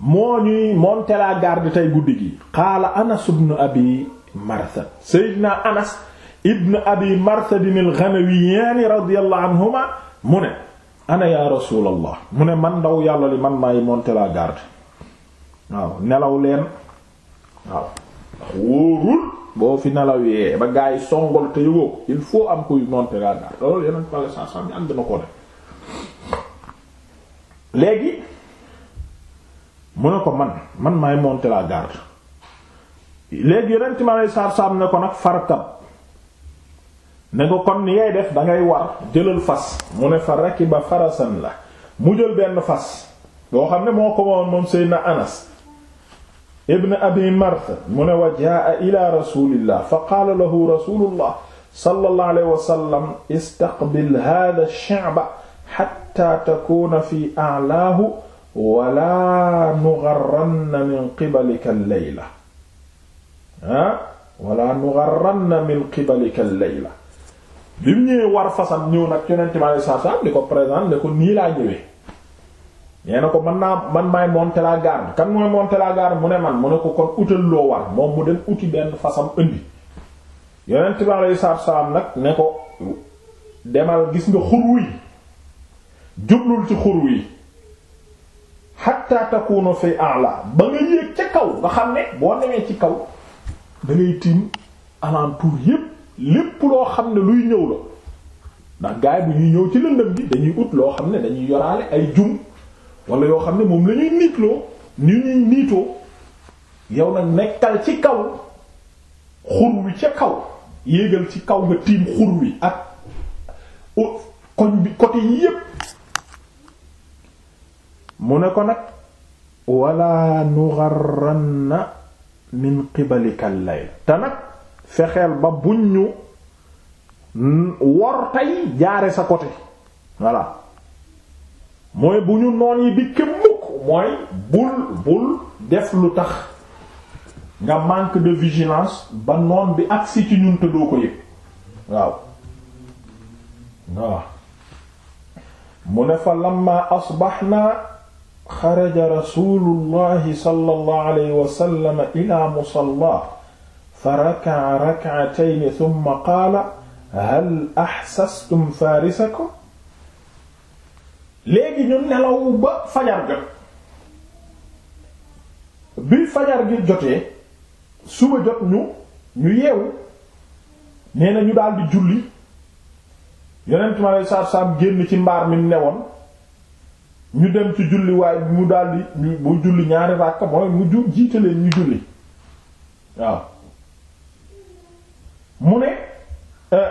moo ñuy monter la garde tey guddi gi qaala anas abi marsad seydina anas ibn abi marsadin al-ghanawiyaani radiyallahu mu ne ana ya rasulallah mu ne man ndaw yàlla li man maay monter la garde waaw nelaw leen waaw wóorul boo fi nelawee ba gaa yi songol te yëgoo ko il faut am kuy monter la daal loolu yeneen pale ko léegi mu ne ko man man maay monter la garde léegi yeneen ci ma lay saar saam ne ko nag farkab ne ko kon ni ngay def da ngay war jëlal fas mu ne fa rakiba farasan la mu jël benn fas boo xam ne moo ko moom moom Seydina Anas ibn abi marthad mu ne wa jaa ila rasulillah fa qaala lahu rasulullah sallallahu alayhi wa sallam istaqbil hadha ash-sha'ba hatta takuna fi a'laahu wala nugharranna min qibalika al-layla ah wala nugharranna min qibalika al-layla bi mu ñëwee war fasam ñëw nag yonente mi alayhi salaam di ko présenter ne ko nii laa ñëwee nee na ko man naa man maay monter la garde kan mooy monter la garde mu ne man mu ne ko kon utal loo war moom mu dem uti benn fasam indi yonent bi aleyhi salaatu ne ko gis nga xur wi ci xur wi hatta takunu fi ba nga kaw nga xam ne boo newee ci kaw da ngay tiim alentour yépp lépp loo xam ne luy ñëw la ndax gaay bu ñuy ñëw ci lëndëm bi dañuy ut loo xam ne dañuy yoraale ay jum wala yoo xam ne moom la ñuy niitloo ni ñuy niitoo yow nag nekkal ci kaw xur wi ca kaw yéegal ci kaw nga tiim xur wi ak koñ bi côté yépp mu ne ko nag wala nugarranna min qibalikal layl te nag fexeel ba buñ ñu wor tey jaare sa côté voilà mooy bu ñu noon yi dikke mukk mooy bul bul def lu tax nga manque de vigilance ba noon bi agsi ci ñun te doo ko yëg waaw waaw mu ne fa lamma asbaxna xaraja rasulullahi sallallahu alayhi wa sallam ila musalla fa raka'a rak'atayn thumma hal ahsastum farisakum léegi ñu nelaw ba fajar ga bi fajar gi jotee suba jot ñu ñu yeewu nee ñu daldi julli yonent mi aleyhi salaatu génn ci mbaar mi newoon ñu dem ci julli waaye mu daldi mu julli ñaari ràkk mooy mu ju jiitaleen ñu julli waaw mu ne euh,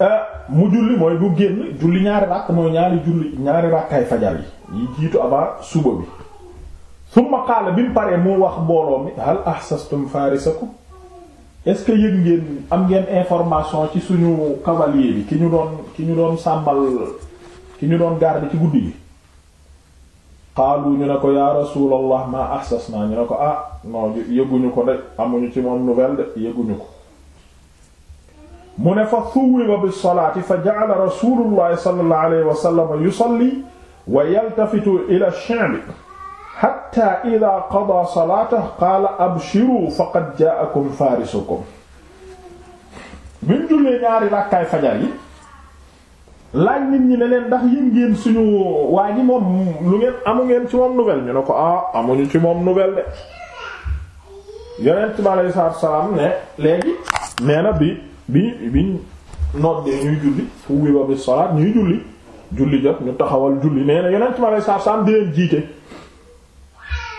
Euh, mu julli mooy bu génn julli ñaari ràkk mooy ñaari julli ñaari ràkkaay fajar yi yi jiitu avant suba bi summa qaala bi mu paree mu wax mbooloo mi hal ahsastum farisakum est-ce que yëg ngeen am ngeen information ci suñu cavalier bi ki ñu doon ki ñu doon sàmbal ki ñu doon garde ci guddi gi xaalu ñu ne ko ya rasulallah ma ahsas naa ñu ne ko ah non yëguñu ko de amuñu ci moom nouvelle de yëguñu ko mu ne fa thuwiba bilsalaati fa jacala rasulullahi sallallahu alayhi wa yu yusalli wa yaltafitu ila sha'bi xatta ida qada salaatahu qaala abshiru faqad jaa'akum faarisukum biñ jullee ñaari rakkaay fajar yi laaj nit ñi ne leen ndax yéen ngeen suñu waa ji moom lu ngeen amu ngeen ci moom nouvelle ne ko ah ne léegi bi biñ noddee ñuy julli fuubi ba bi salaat ñuy julli julli jot ñu taxawal julli nee na yonent ma lay saar saam di leen jiite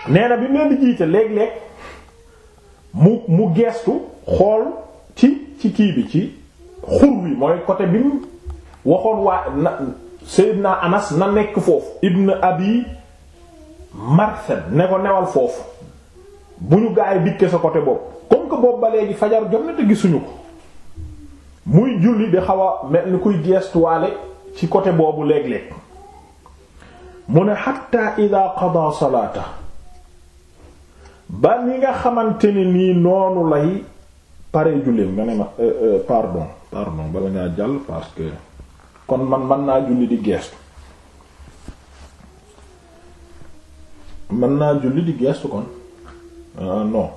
nee bi mu jiite léeg-léeg mu mu geestu xool ci ci kii bi ci xur wi mooy côté bi mu waxoon waa na Seydina Anas na nekk foofu ibn Abi Marsad ne ko newal foofu bu ñu gaay dikke sa côté boobu comme que boobu ba léegi fajar jot na te gisuñu ko muy julli di xaw a mel ni kuy geestuwaale ci côté boobu léeg-léeg mu ne xatta ida qada salaata ba ni nga xamante ni nii noonu lay pare julleem nga ne ma euh, euh, pardon pardon bala ngaa jàll parce que kon man mën naa julli di geestu mën naa julli di geestu kon euh, non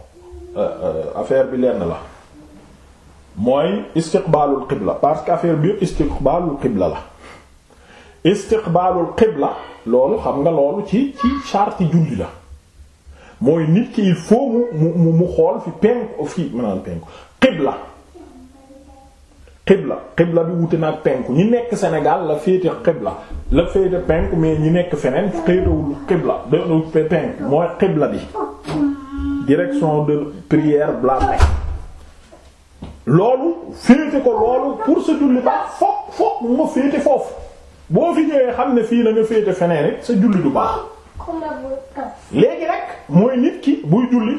affaire bi lenn la mooy istiqbaalul qibla parce que affaire bi istiqbaalul qibla la istiqbaalul qibla loolu xam nga loolu ci ci charte julli la mooy nit ki il faut mu mu xool fi penku fi maanaam penku qibla qibla qibla bi wute naag penku ñi nekk senegal la féete qibla la féete penku mais ñi nekk feneen féetewul qibla de penku mooy qibla bi direction de prière bla loolu féete ko loolu pour sa julli baax foog foog mu ma féete foofu boo fi ñëwee xam ne fii na nga féete feneen sa julli du baax léegi rek mooy nit ki buy julli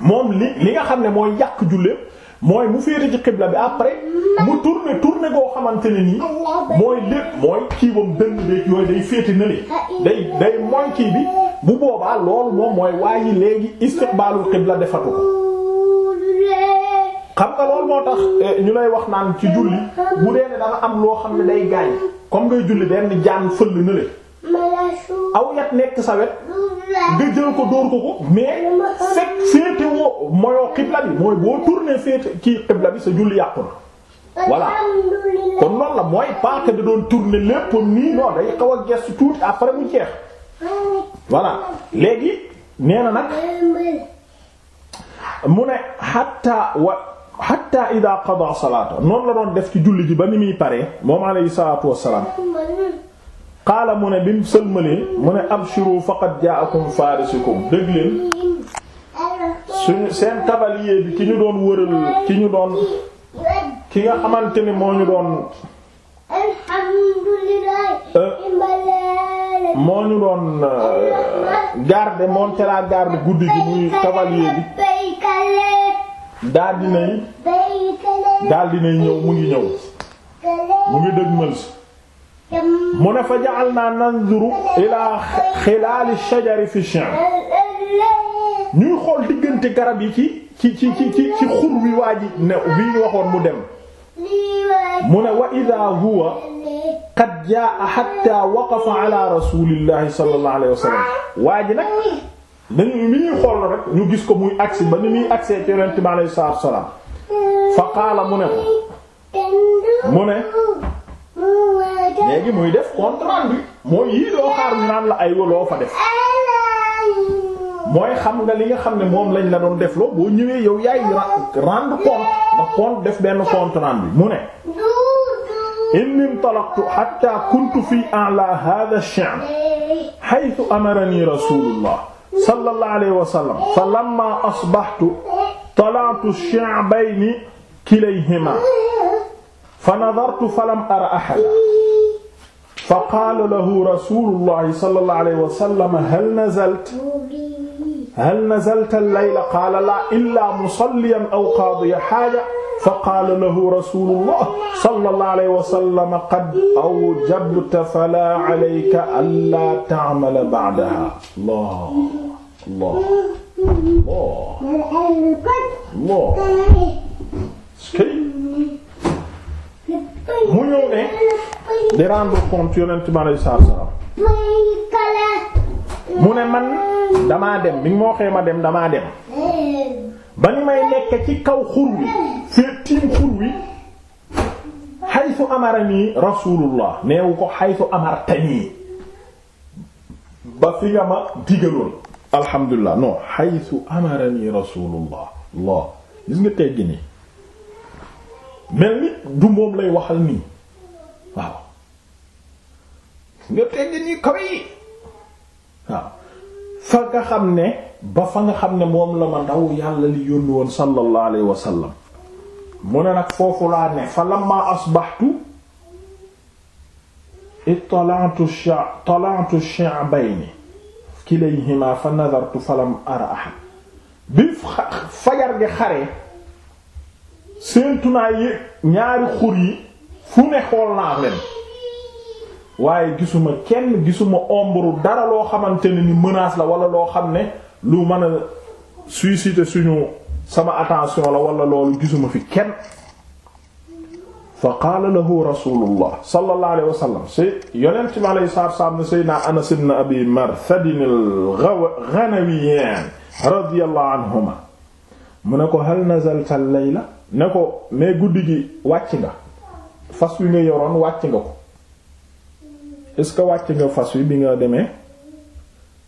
moom li li nga xam ne mooy yàq julleem mooy mu féete ci xibla bi après mu tourner tourner goo xamante nii mooy lépp mooy kiiwam dënd beeg yooyu day féete na le day day mooy kii bi bu boobaa loolu moom mooy waaye léegi istiqbaalul xibla defatu ko xam nga lool moo tax eh, ñu lay wax naan ci julli bu dee ne danga am loo xam ne day gaañ comme ngay julli benn jaan fëll na le aw yat nekk sawet wet nga ko dóor ko ko mais fekk féete woo moyoo xibla bi mooy boo tourné féete kii xibla bi sa julli yàqu na kon loolu la mooy parce que da doon tourné lépp nii non day xaw a gestu tuuti après mu jeex voilà léegi nee na nag mu ne xatta wa xatta ida qada salaata noonu la doon def ci julli ji ba ni muy paree moom alayhi salaatu wassalaam qaala mu ne bi mu sëlmalee mu ne abshiru faqad jaakum farisukum dégg leen suñu seen cavalier bi ki ñu doon wëral ki ñu doon ki nga xamante ni moo ñu doon euh, moo ñu doon euh, garde monter la garde guddi gi muy cavalier bi daal dinay daal dinay ñëw mu ngi ñëw mu ngi dëgmal si mu ne fa ja'alna nanzuru ila xilaali shajari fi sham ñuy xool diggante garab yi ci ci ci ci xur wi waa ji ñu waxoon mu dem mu ne wa idha huwa qad jaa'a hatta waqafa ala rasulillahi sallallahu alayhi wasallam waa ji dañuy li ñuy xool rek ñu gis ko muy agsi ba ni muy agsee ci yonent bi alayhi salaatu fa qaala mu ne ko mu ne léegi muy def compte rendu mooy yii doo xaar ñu naan la ay waloo fa def mooy xam nga li nga xam ne moom lañ la doon def loo boo ñëwee yow yaay rendre compte nga compte def benn compte rendu mu ne inni intalaqtu hatta kuntu fi a'la hadha ash-sha'n amarani rasulullah sallallahu alayhi wa sallam fa lamma asbahtu talaatu shi'bayni kilayhima fa nadartu falam ara ahada fa qaala lahu rasulullahi sallallahu alayhi wa sallam hal nazalta hal nazalta al-layla qaala laa illaa musalliyan aw qaadiya haaja fa qaala lahu rasuulullah sallallahu alayhi wa sallam qad awjabta falaa alayka allaa ta'mala ba'dahaa. Allah Allah Allah mu ñëw ne di rendre compte yonent bi alayhi salaam mu ne man. damaa dem bi nga ma waxee ma dem damaa dem ba ni may nekk ci kaw xur wi fee tiim xur wi xaytu amarani rasulullah neewu ko xaytu amartani ba fi nga ma digaloon alhamdulilah non xaytu amarani rasulullah allah nga teggi nii mel ni du moom lay waxal nii waaw nga teggi nii kaw waaw fa nga xam ne ba fa nga xam ne moom la ma ndaw yàlla li yónni woon sallallahu alayhi wa sallam mu ne nag foofu laa ne fa lamma asbaxtu ittalantu sha talantu sha'bayni kilayhima fa nadartu ara ahad bi fajar gi xare seentu naa ñaari xur yi fu ne xool naa leen waaye gisuma kenn gisuma ombre dara loo xamante ne ni mënaas la wala loo xam ne lu mën a susciter suñu sama attention la wala loolu gisuma fi kenn fa qaala lahu rasulullah sallallahu alayhi wa sallam si yonent bi alayhi salaatu wa salaam ne Seydina Anas ibn Abi Marthad al-Ghanawiyyan radiyallahu anhuma mu ne ko hal nazalta al-layla ne ko mais guddi gi wàcc nga fas wi nga yoroon wàcc nga ko est-ce que wàcc nga fas wi bi nga demee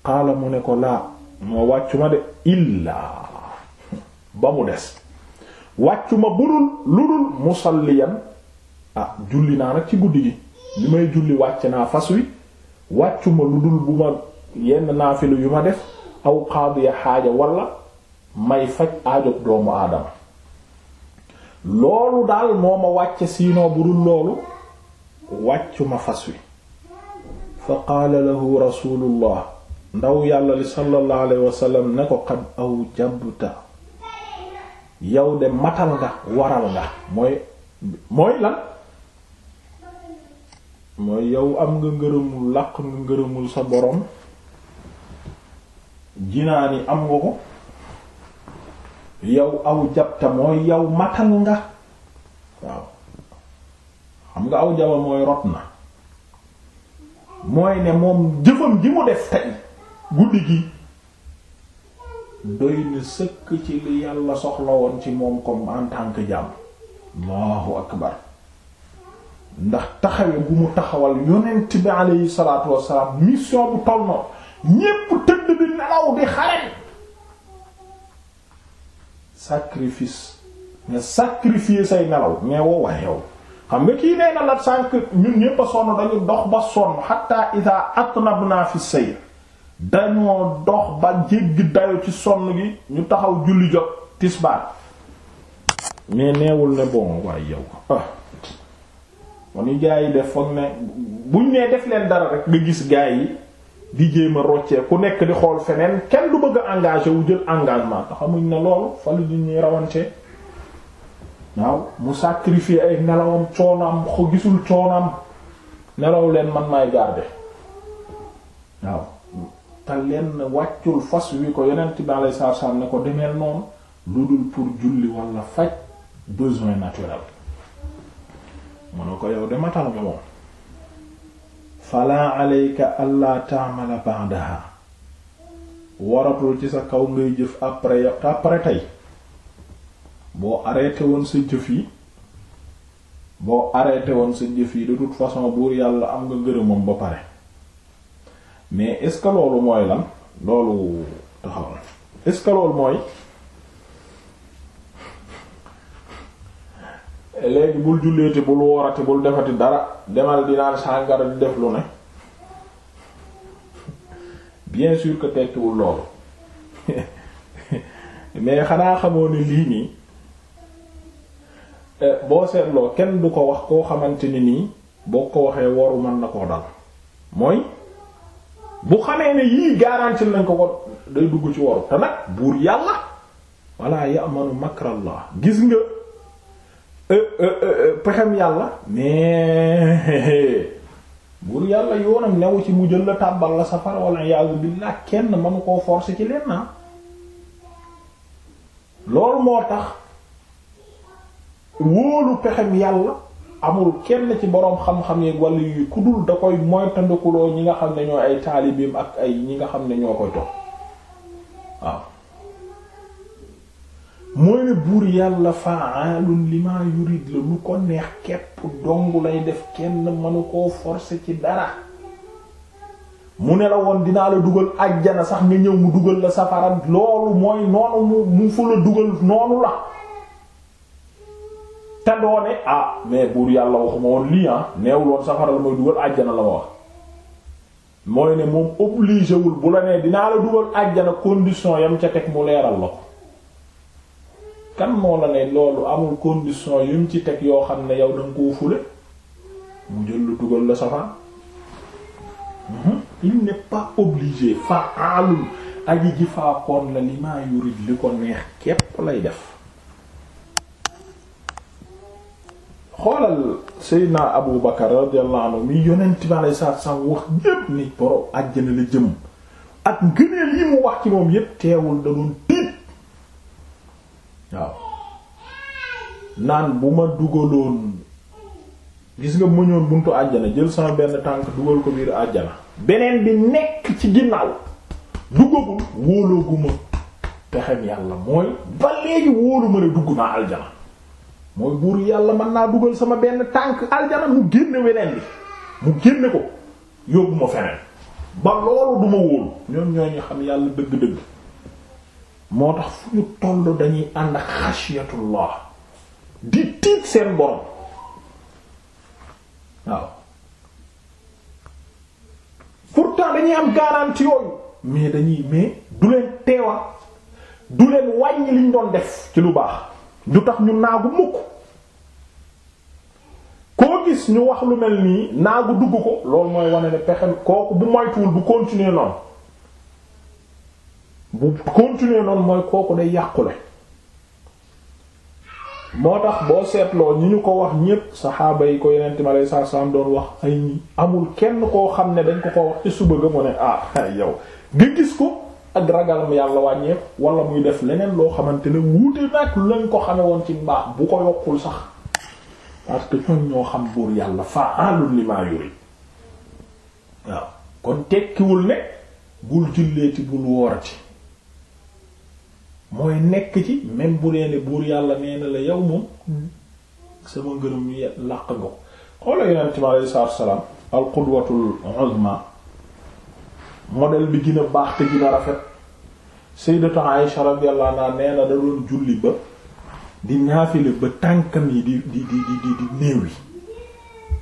xaala mu ne ko laa moo wàccuma de illaa ba mu des wàccuma budul lu dul musalliyan ah julli naa nag ci guddi gi li may julli wàcc naa fas wi wàccuma lu dul bu ma yenn naafilu yu ma def aw xaadiya xaaja wala may faj aajob doomu aadama loolu daal moo ma wàcce siinoo budul loolu wàccuma fas wi fa qaala lahu rasulullah ndaw yàlla li sallallahu alayhi wasallam ne ko qad aw jabta yow de matal nga waral nga mooy mooy lan mooy yow am nga ngërëmul làq nga ngërëmul sa borom jinaani am nga ko yow aw jabta mooy yow matal nga waaw xam nga aw jaba mooy rot na mooy ne moom jëfam ji mu def tey guddi gi doy na sëkk ci li yàlla soxla woon ci moom comme en tant que jàmm allahu akbar ndax taxawe bu mu taxawal yonent bi aleyhi salaatu wassalaam mission bu toll noonu ñépp tëdd di nelaw di xare sacrifice nga sacrifier say nelaw mais woo wax yow xam nga kii nee na la sànq ñun ñépp a sonn dañu dox ba sonn na bu naa fi sayr dañoo dox ba jéggi dayo ci sonn gi ñu taxaw julli jot tisbaar mais neewul ne bon waaye yow ah manu gaa yi def foog ne buñ nee def leen dara rek nga gis gaa yi di jéem a roccee ku nekk di xool feneen kenn du bëgg engage wu jël engagement te xamuñ ne loolu fa lu ñu ñuy rawantee waaw mu sacrifier ay nelawam coonam xo gisul coonam nelaw leen man maay garder waaw te leen wàccul fas wi ko yonent bi alayhi salaatu salaam ne ko demeel noonu lu dul pour julli wala faj besoin naturel mu ne ko yow de matal nga moom alayka alla ta'mala ba'daha waratul ci sa kaw ngay jëf après après tey boo arrêté woon sa jëf yi boo arrêté woon sa jëf yi de toute façon buur yàlla am nga gërëmam ba pare mais est-ce que loolu mooy lan loolu taxawal est-ce que loolu mooy léegi bul julleeti bul woorati bul defati dara demal di naan sàngara di def lu ne bien sûr que tekkiwul loolu mais xanaa xamoo ne lii nii Eh, boo seetloo kenn du ko wax koo xamante ni nii boo ko waxee waru man na koo dal mooy bu xamee ne yii garanti nañ ko war day dugg ci waru te nag buur yàlla walla ya'manu makrallah gis nga eh, eh, pexem yàlla mais buur yàlla yoonam newu ci mu jël la tàbbal la safara walla iyaazu billah kenn mënu koo forcer ci leen loolu moo tax wóolu pexem yàlla amul kenn ci boroom xam-xam yi wala yu ku dul da koy moytandikuloo ñi nga xam ne ñoo ay taalibeem ak ay ñi nga xam ne ñoo koy topp waaw mooy ne buur yàlla fa'alun lima yurid la lu ko neex képp dong lay def kenn mënu koo forcer ci dara mu ne la woon dinaa la dugal ajjana sax nga ñëw mu dugal la safara loolu mooy noonu mu fu la dugal noonu la te doone ah mais buur yàlla waxuma woon lii ah neewul woon safara la may dugal àjjana la ma wax mooy ne moom obligé wul bu la nee dinaa la dugal àjjana condition yam ca teg mu leeral la ko kan moo la ne loolu amul condition yum ci teg yoo xam ne yow danga koo fule mu jël lu dugal la safara mhm. il n'est pas obligé fa alul aji ji faakoon la li maa li ko neex képp lay def xoolal Seydina Abu Bakar radiyallahu anhu mi yonent bi alayhi salaatu salaam wax yépp ni borom àjjana la jëm ak ngëneel yi mu wax ci moom yépp teewul da doon waaw naan bu ma dugaloon gis nga mëñoon buntu àjjana jël sama benn tànk dugal ko biir àjjana beneen bi nekk ci ginnaaw duggagul wóolooguma pexem yàlla mooy ba léegi wóolu ma ne dugg naa aljana mooy buur yàlla mën naa dugal sama benn tànk aljana mu génne weneen bi mu génne ko yóbbu ma feneen ba loolu duma wóolu ñoom ñoo ñu xam yàlla dëgg-dëgg moo tax fu ñu toll dañuy ànd ak xasiyatullah di tiit seen borom waaw pourtant dañuy am garantie yooyu mais dañuy mais du leen teewa du leen wàññi liñ doon def ci lu baax du tax ñu naagu mukk koo gis ñu wax lu mel nii naagu dugg ko loolu mooy wane ne pexe kooku bu moytuwul bu continuer noonu bu continuer noonu mooy kooku day yàqule moo tax boo seetloo ñi ñu ko wax ñépp saxaaba yi ko yeneen ma lay saa saa doon wax ay amul kenn koo xam ne dañ ko ko wax ci suba ga mu ne ah yow nga gis ko ak ragalam yàlla wàññeeku wala muy def leneen loo xamante ne wuute nag lañ ko xame woon ci mbaax bu ko yokkul sax parce que ñoom ñoo xam buur yàlla fa'alun lima yurid waaw kon tekkiwul ne bul julleeti bul woorati mooy nekk ci même bu dee ne buur yàlla nee na la yow moom sama ngërëm làq nga ko xoola yonent bi alayhi salaatu wa salaam al qudwatul uzma modèle bi gën a baax te gën a rafet sayyidatu Aisha radiyallahu anha nee na da doon julli ba di naafile ba tànkam yi di di di di di néew yi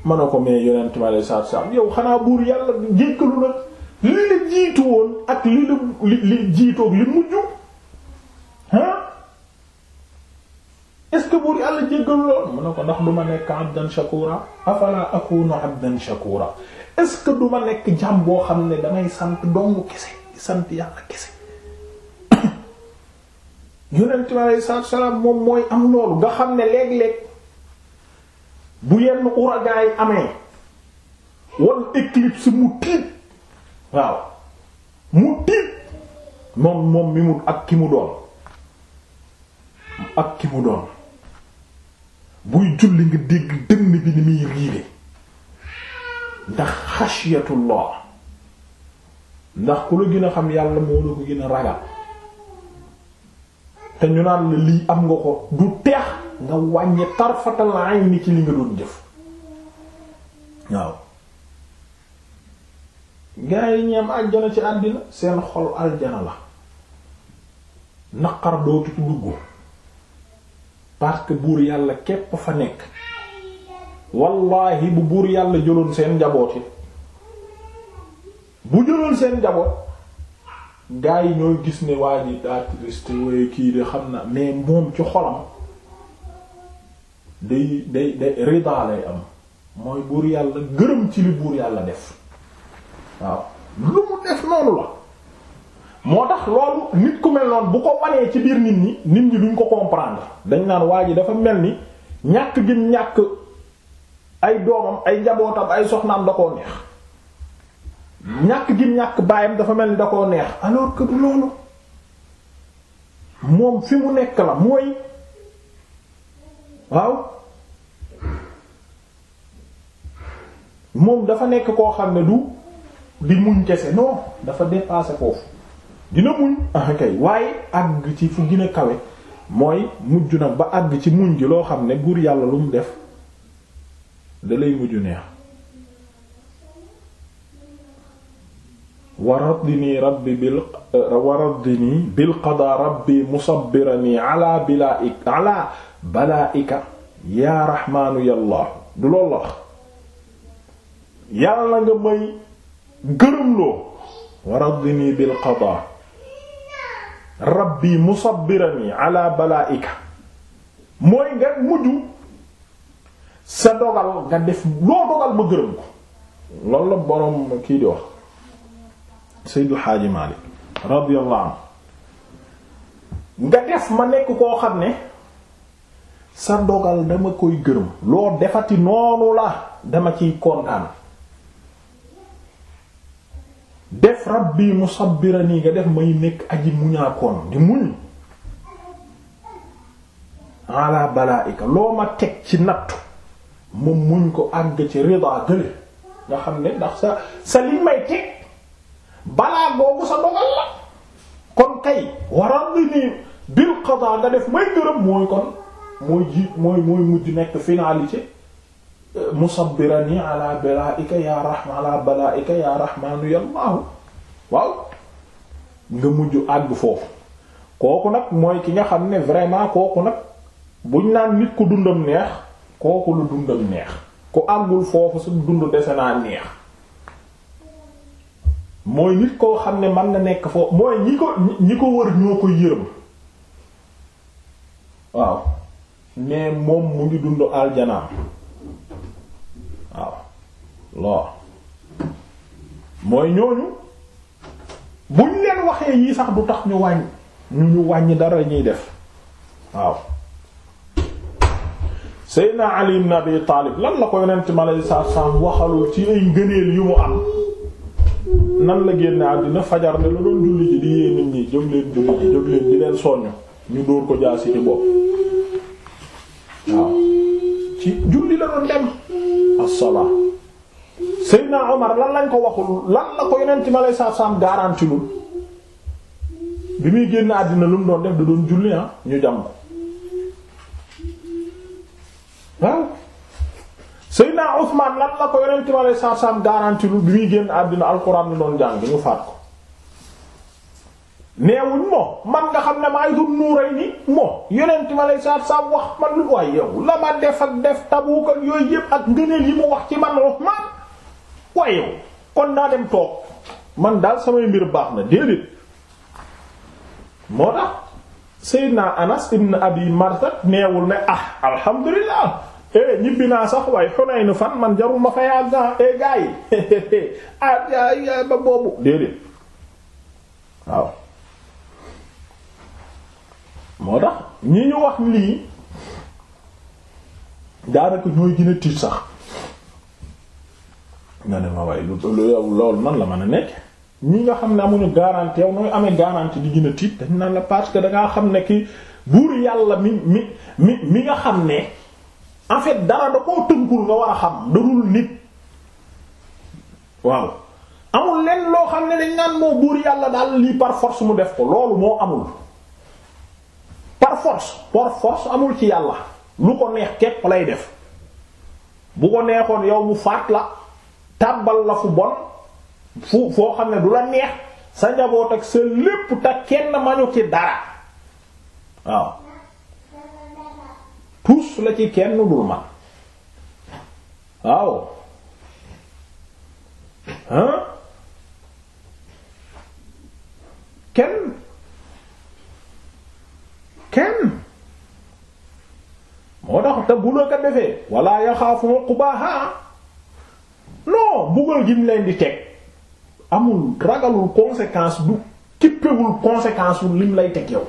mën na ko mais yonent mi alayhi salaatu salaam yow xanaa buur yàlla jéggalu nag li la jiitu woon ak li la li jiitoog li mujj ah est-ce que buur yàlla jéggalu lool mën na ko ndax duma nekk abdan shakura afala akunu abdan shakura est-ce que du ma nekk jàmm boo xam ne damay sant dong kese di sant yàlla kese yonent bi aleyhi salaatu salaam moom mooy am loolu nga xam ne léeg-léeg bu yenn ouragan amee wala éclipse mu tiit waaw mu tiit moom moom mi mu ak ki mu doon ak ki mu doon buy julli nga dégg dënn bi ni muy riire ndax xasiyatullah ndax ku la gën a xam yàlla moo la ko gën a ragal te ñu naan la lii am nga ko du teex nga wàññi tarfatal ayni ci li nga doon jëf waaw gaa yi ñeem aljana ci àddina seen xol aljana la naqar dootu ci dugg parce que buur yàlla képp fa nekk wallaahi bu buur yàlla jëloon seen njaboot yi bu jëloon seen njaboot gaa yi ñoo gis ni waa ji daa triste kii de xam na mais moom ci xolam day day day ridaa lay am mooy buur yàlla gërëm ci li buur yàlla def waaw lu mu def noonu la moo tax loolu nit ku mel noonu bu ko wanee ci biir nit ñi nit ñi duñ ko comprendre dañ naan waa ji dafa mel ni ñàkk gi ñàkk ay doomam ay njabootam ay soxnaam da koo neex ñàkk gim ñàkk baayam dafa mel ni da koo neex alors que du moom fi mu nekk la mooy waaw moom dafa nekk koo xam ne du di muñ kese non dafa dépassé foofu dina muñ ah kay waaye àgg ci fu gën kawe mooy mujj nag ba àgg ci muñ ji loo xam ne buur yàlla lu mu def dalay mujj neex waradini rabbi bil waradini bil qadaa rabbi musabbirani ala bilaik ala balaika yaa raxmaanu yallaahu du loolu la wax nga may gërëmloo waradini bil qadaa rabbi musabbirani ala balaika mooy nga mujj sa dogal nga def loo dogal ma gërëm ko loolu la boroom kii di wax Seydil Hadji Malick radiyallahu nga def ma nekk koo xam ne sa dogal dama koy gërëm loo defati noonu la dama ciy kontaan def rabbi nii nga def may nekk aji muñaakoon di muñ ala balaika loo ma teg ci nattu moom muñ ko àgg ci rida gële nga xam ne ndax sa sa liñ may teg balaa googu sa dogal la kon kay waral li nii bil qada nga def may gërëm mooy kon mooy ji mooy mooy mujj nekk finalité musabbirani ala bala'ika ya rahman ala bala'ika ya rahmanu yallahu waaw nga mujj àgg foofu kooku nag mooy ki nga xam ne vraiment kooku nag buñ naan nit ku dundam neex kooku lu dundam neex ku àggul foofu su dund dese naa neex mooy nit koo xam ne mën na nekk foofu mooy ñi ko ñi ko wër ñoo ko yërëm waaw mais moom mu ngi dund aljanaam waaw lool mooy ñooñu buñ leen waxee yii sax du tax ñu wàññ ñu ñu wàññi dara ñuy def waaw Seydina Ali ibn Taalib lan la ko yonent mi alayhi salaam waxalul ci ay ngëneel yu mu am nan la génne àddina fajar ne la doon julli ji di yee nit ñi jóg leen julli ji jóg leen di leen soññ ñu dóor ko jaasi ci bopp waaw ci julli la doon dem as-salaa Omar lan lañ ko waxul lan la ko yonent mi alayhi salaam garanti bi muy génn àddina lu mu doon def da doon julli ah ñu jàmm waaw Seydina Usmaan la ko yonent bi alayhi salaatu salaam garanti lu bi muy génn àddina alxuraan ni ko man xam ne maay dul nuuray ni moo yonent bi alayhi salaatu salaam wax man yooyu yépp ak ngëneel yi mu wax ci man Usmaan waaye yow dem toog man daal samay mbir baax na déedéet moo tax Seydina Anas ibn Abi Marsad neewul ne ah alhamdulillah Eh, ñibbi naa sax waaye Hunayn fan man jarul ma fay àggaan ah. eh gars yi ah ba boobu déedéet waaw. moo tax ñi ñu wax lii daanaka ñooy gën tiit sax nga ne ma waaye lu loolu man la mën a nekk ñi nga xam ne amuñu garantie yow nooy amee garantie di gën a tiit dañ naan la parce que da xam ne ki buur yàlla mi mi mi mi nga xam ne. en fait dara da koo tënkul nga war a xam darul nit waaw amul lenn loo xam ne dañ naan moo buur yàlla daal lii par force mu def ko loolu moo amul par force amul ci yàlla lu ko neex képp lay def bu ko neexoon yow mu faat la tàbbal la fu bon fu foo xam ne du la neex sa njaboot ak sa lépp te kenn mañu ci dara waaw tus la ci kenn dul man waaw hein kenn kenn moo tax te bu la ko defee walla yaxaafu uqbaha non buggal gi mu leen di teg amul ragalul conséquence du kippewul conséquence wu mu lay teg yow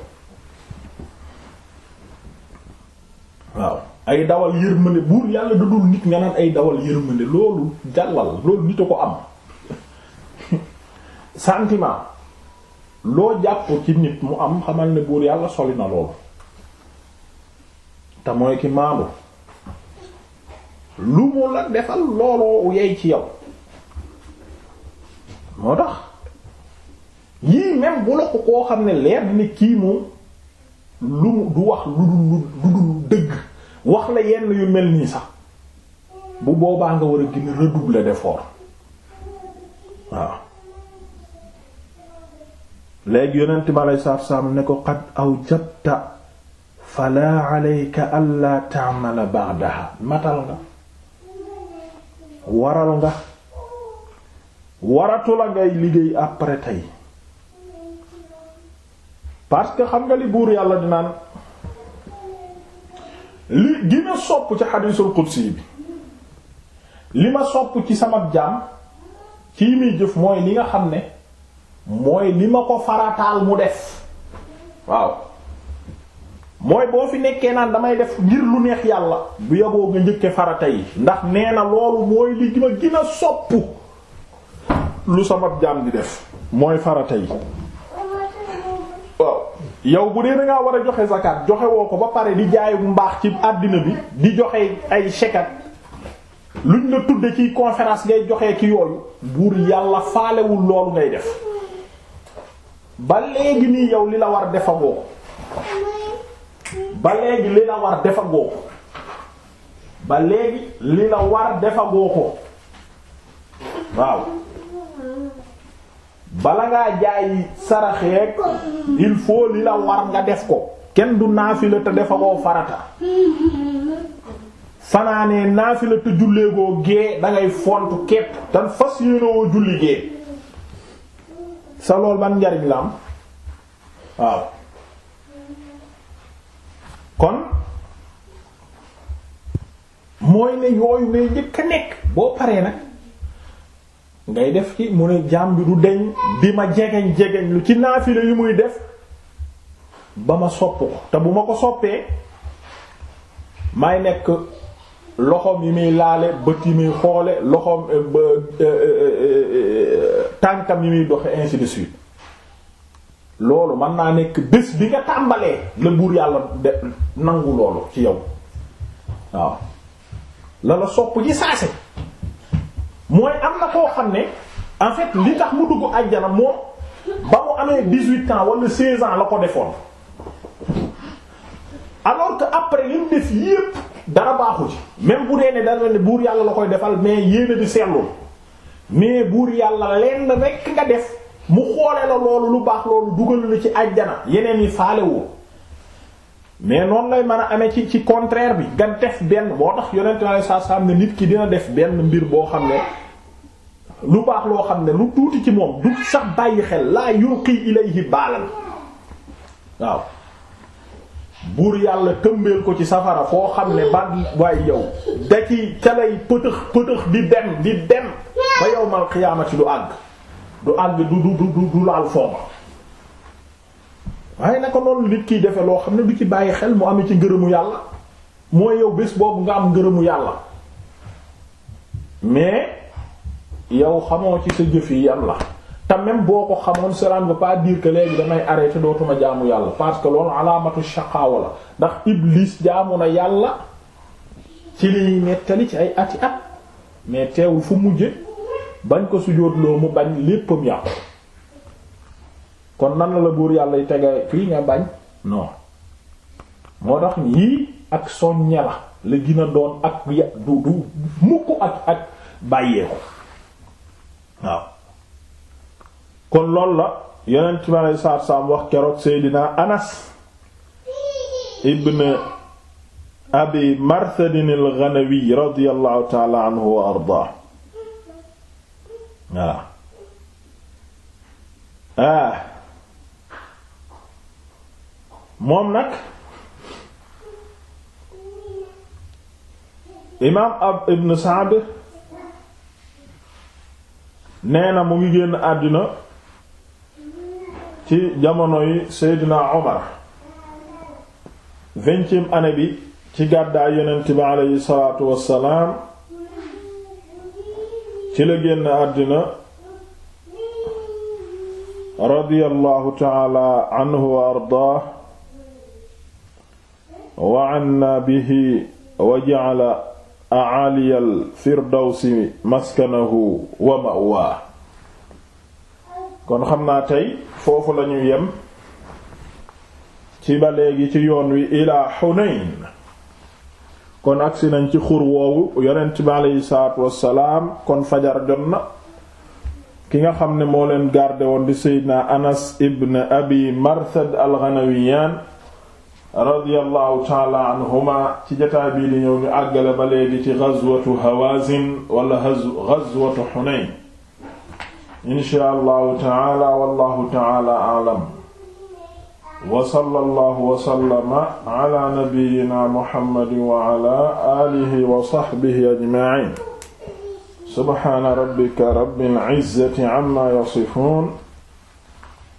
waaw ay dawal yërmande buur yàlla dudul nit nga naan ay dawal yërmande loolu jàllal loolu nit a ko am sentiment loo jàpp ci nit mu am xamal ne buur yàlla soli na loolu te mooy ki maandu lu mu la defal looloo yey ci yow moo tax yii même bu la ko koo xam ne leer ni kii moom lu mu du wax lu dul lu dul wax la yenn yu mel nii sax bu boobaa nga war a gën a redoubler d'effort waaw léegi yonent bi aleyhi salaatu salaam ne ko qad awjabta falaa alayka allaa ta'mala ba'daha matal nga waral nga waratula ngay liggéey après tey parce que xam nga li buur yàlla dinaan li gi sopp ci xadiisul qudsi bi li ma sopp ci sama jaam kii muy jëf mooy li nga xam ne mooy li ma ko farataal mu def waaw mooy boo fi nekkee naan damay def ngir lu neex yàlla bu yaboo nga njëkke farata yi ndax nee na loolu mooy li ma gën sopp lu sama jaam di def mooy farata yi waaw yow bu dee dangaa war a joxe zakat joxe woo ko ba pare di jaay bu mbaax ci àddina bi di joxe ay chekat luñ la tudde ci conférence ngay joxe ki yooyu buur yàlla faalewul loolu ngay def ba léegi nii yow li la war defagoo ba léegi li defagoo ko ba léegi li la war defagoo ko waaw bala ngaa jaay saraxeek il faut li la war nga def ko kenn du naafila te defagoo farata fanaanee naafila te julleegoo gee dangay font kepp te fas yéenoo julli gee sa lool ban njariñ la am waaw kon mooy ne yooyu ngay njëkk nekk boo paree nag ngay def ci mu ne jaam bi deñ di ma jegeñ jegeñ lu ci naafile yu muy def ba ma sopp ko te bu ma ko soppee may nekk loxoom yi muy laale bët yi muy xoole loxoom eh, eh, eh, tànkam yi muy doxe ainsi de suite loolu mën naa nekk bés bi nga tàmbalee la buur yàlla de nangu loolu ci yow waaw la la sopp ci saase mooy am na koo xam ne en fait li tax mu dugg àjjana moom ba mu amee dix-huit ans wala seize ans la ko defoon alors que après li mu def yépp dara baaxu ci même bu dee ne dara ne buur yàlla la koy defal mais yéene di seetlu mais buur yàlla lenn rekk nga def mu xoole la loolu lu baax loolu dugal la ci àjjana yeneen yi faale mais noonu lay mën a amee ci ci contraire bi nga def benn boo tax yonent na saa saa am ne nit ki dina def benn mbir boo xam ne lu baax loo xam ne lu tuuti ci moom du sax bàyyi xel laa yulqi ilayhi baalan waaw buur yàlla tëmbeel ko ci safara foo xam ne ba waaye yow da ci ca lay pëtëx pëtëx di dem di dem ba yawmal qiyaamati du àgg du àgg du du du du laal foofa waaye naka noonu nit kiy defe loo xam ne du ci bàyyi xel mu amee ci ngërëmu yàlla mooy yow bés boobu nga am ngërëmu yàlla mais yow xamoo ci sa jëf yi yam la te même boo ko xamoon cela ne veut pas léegi damay arrêté dootuma jaamu yàlla parce que loolu alaamatu shaqaawa la ndax iblis jaamu na yàlla ci liy nettali ci ay ati at mais teewul fu mujje bañ ko sujjóotloo mu bañ léppam yàqu kon nan la la buur yàlla yi tege fii nga bañ non moo tax yii ak soññe la la gën doon ak du du mukk ak ak bàyyeeku waaw kon loolu la yeneen ci ma lay saar saam wax keroog Seydina Anas ibn abi marsadin ghanawi radiyallahu ta'ala anhu wa ardaa ah moom nag imaam ab ibn Saad nee mu ngi génn àddina ci jamonoy Seydina Omar vingtième année bi ci gàddaay yonent bi aleyhi salaatu wassalaam ci la génn àddina radiyallahu taala anhu wa ardaa wa anna bihi wa ja'ala a'aliyal firdawsi maskanahu wa ma'waa kon xam naa tey foofu lañu yem ci ba léegi ci yoon wi ilaa Xunayn kon agsi nañ ci xur woowu yonent bi aleyhi salaatu wassalaam kon fajar jot na ki nga xam ne moo leen garde woon di Seydina Anas ibn Abi Marsad al-Ghanawiyaan radiyallahu taala anhuma ci jotaay bii di ñëw ñu àggale ba léegi ci ghazwatu hawazin wala ghazwatu hunayn insha allahu taala wallahu taala a'lam wa sallallahu wa sallama ala nabiyyina muhammadin wa ala alihi wa sahbihi ajma'in subhana rabbika rabbil izzati amma yasifun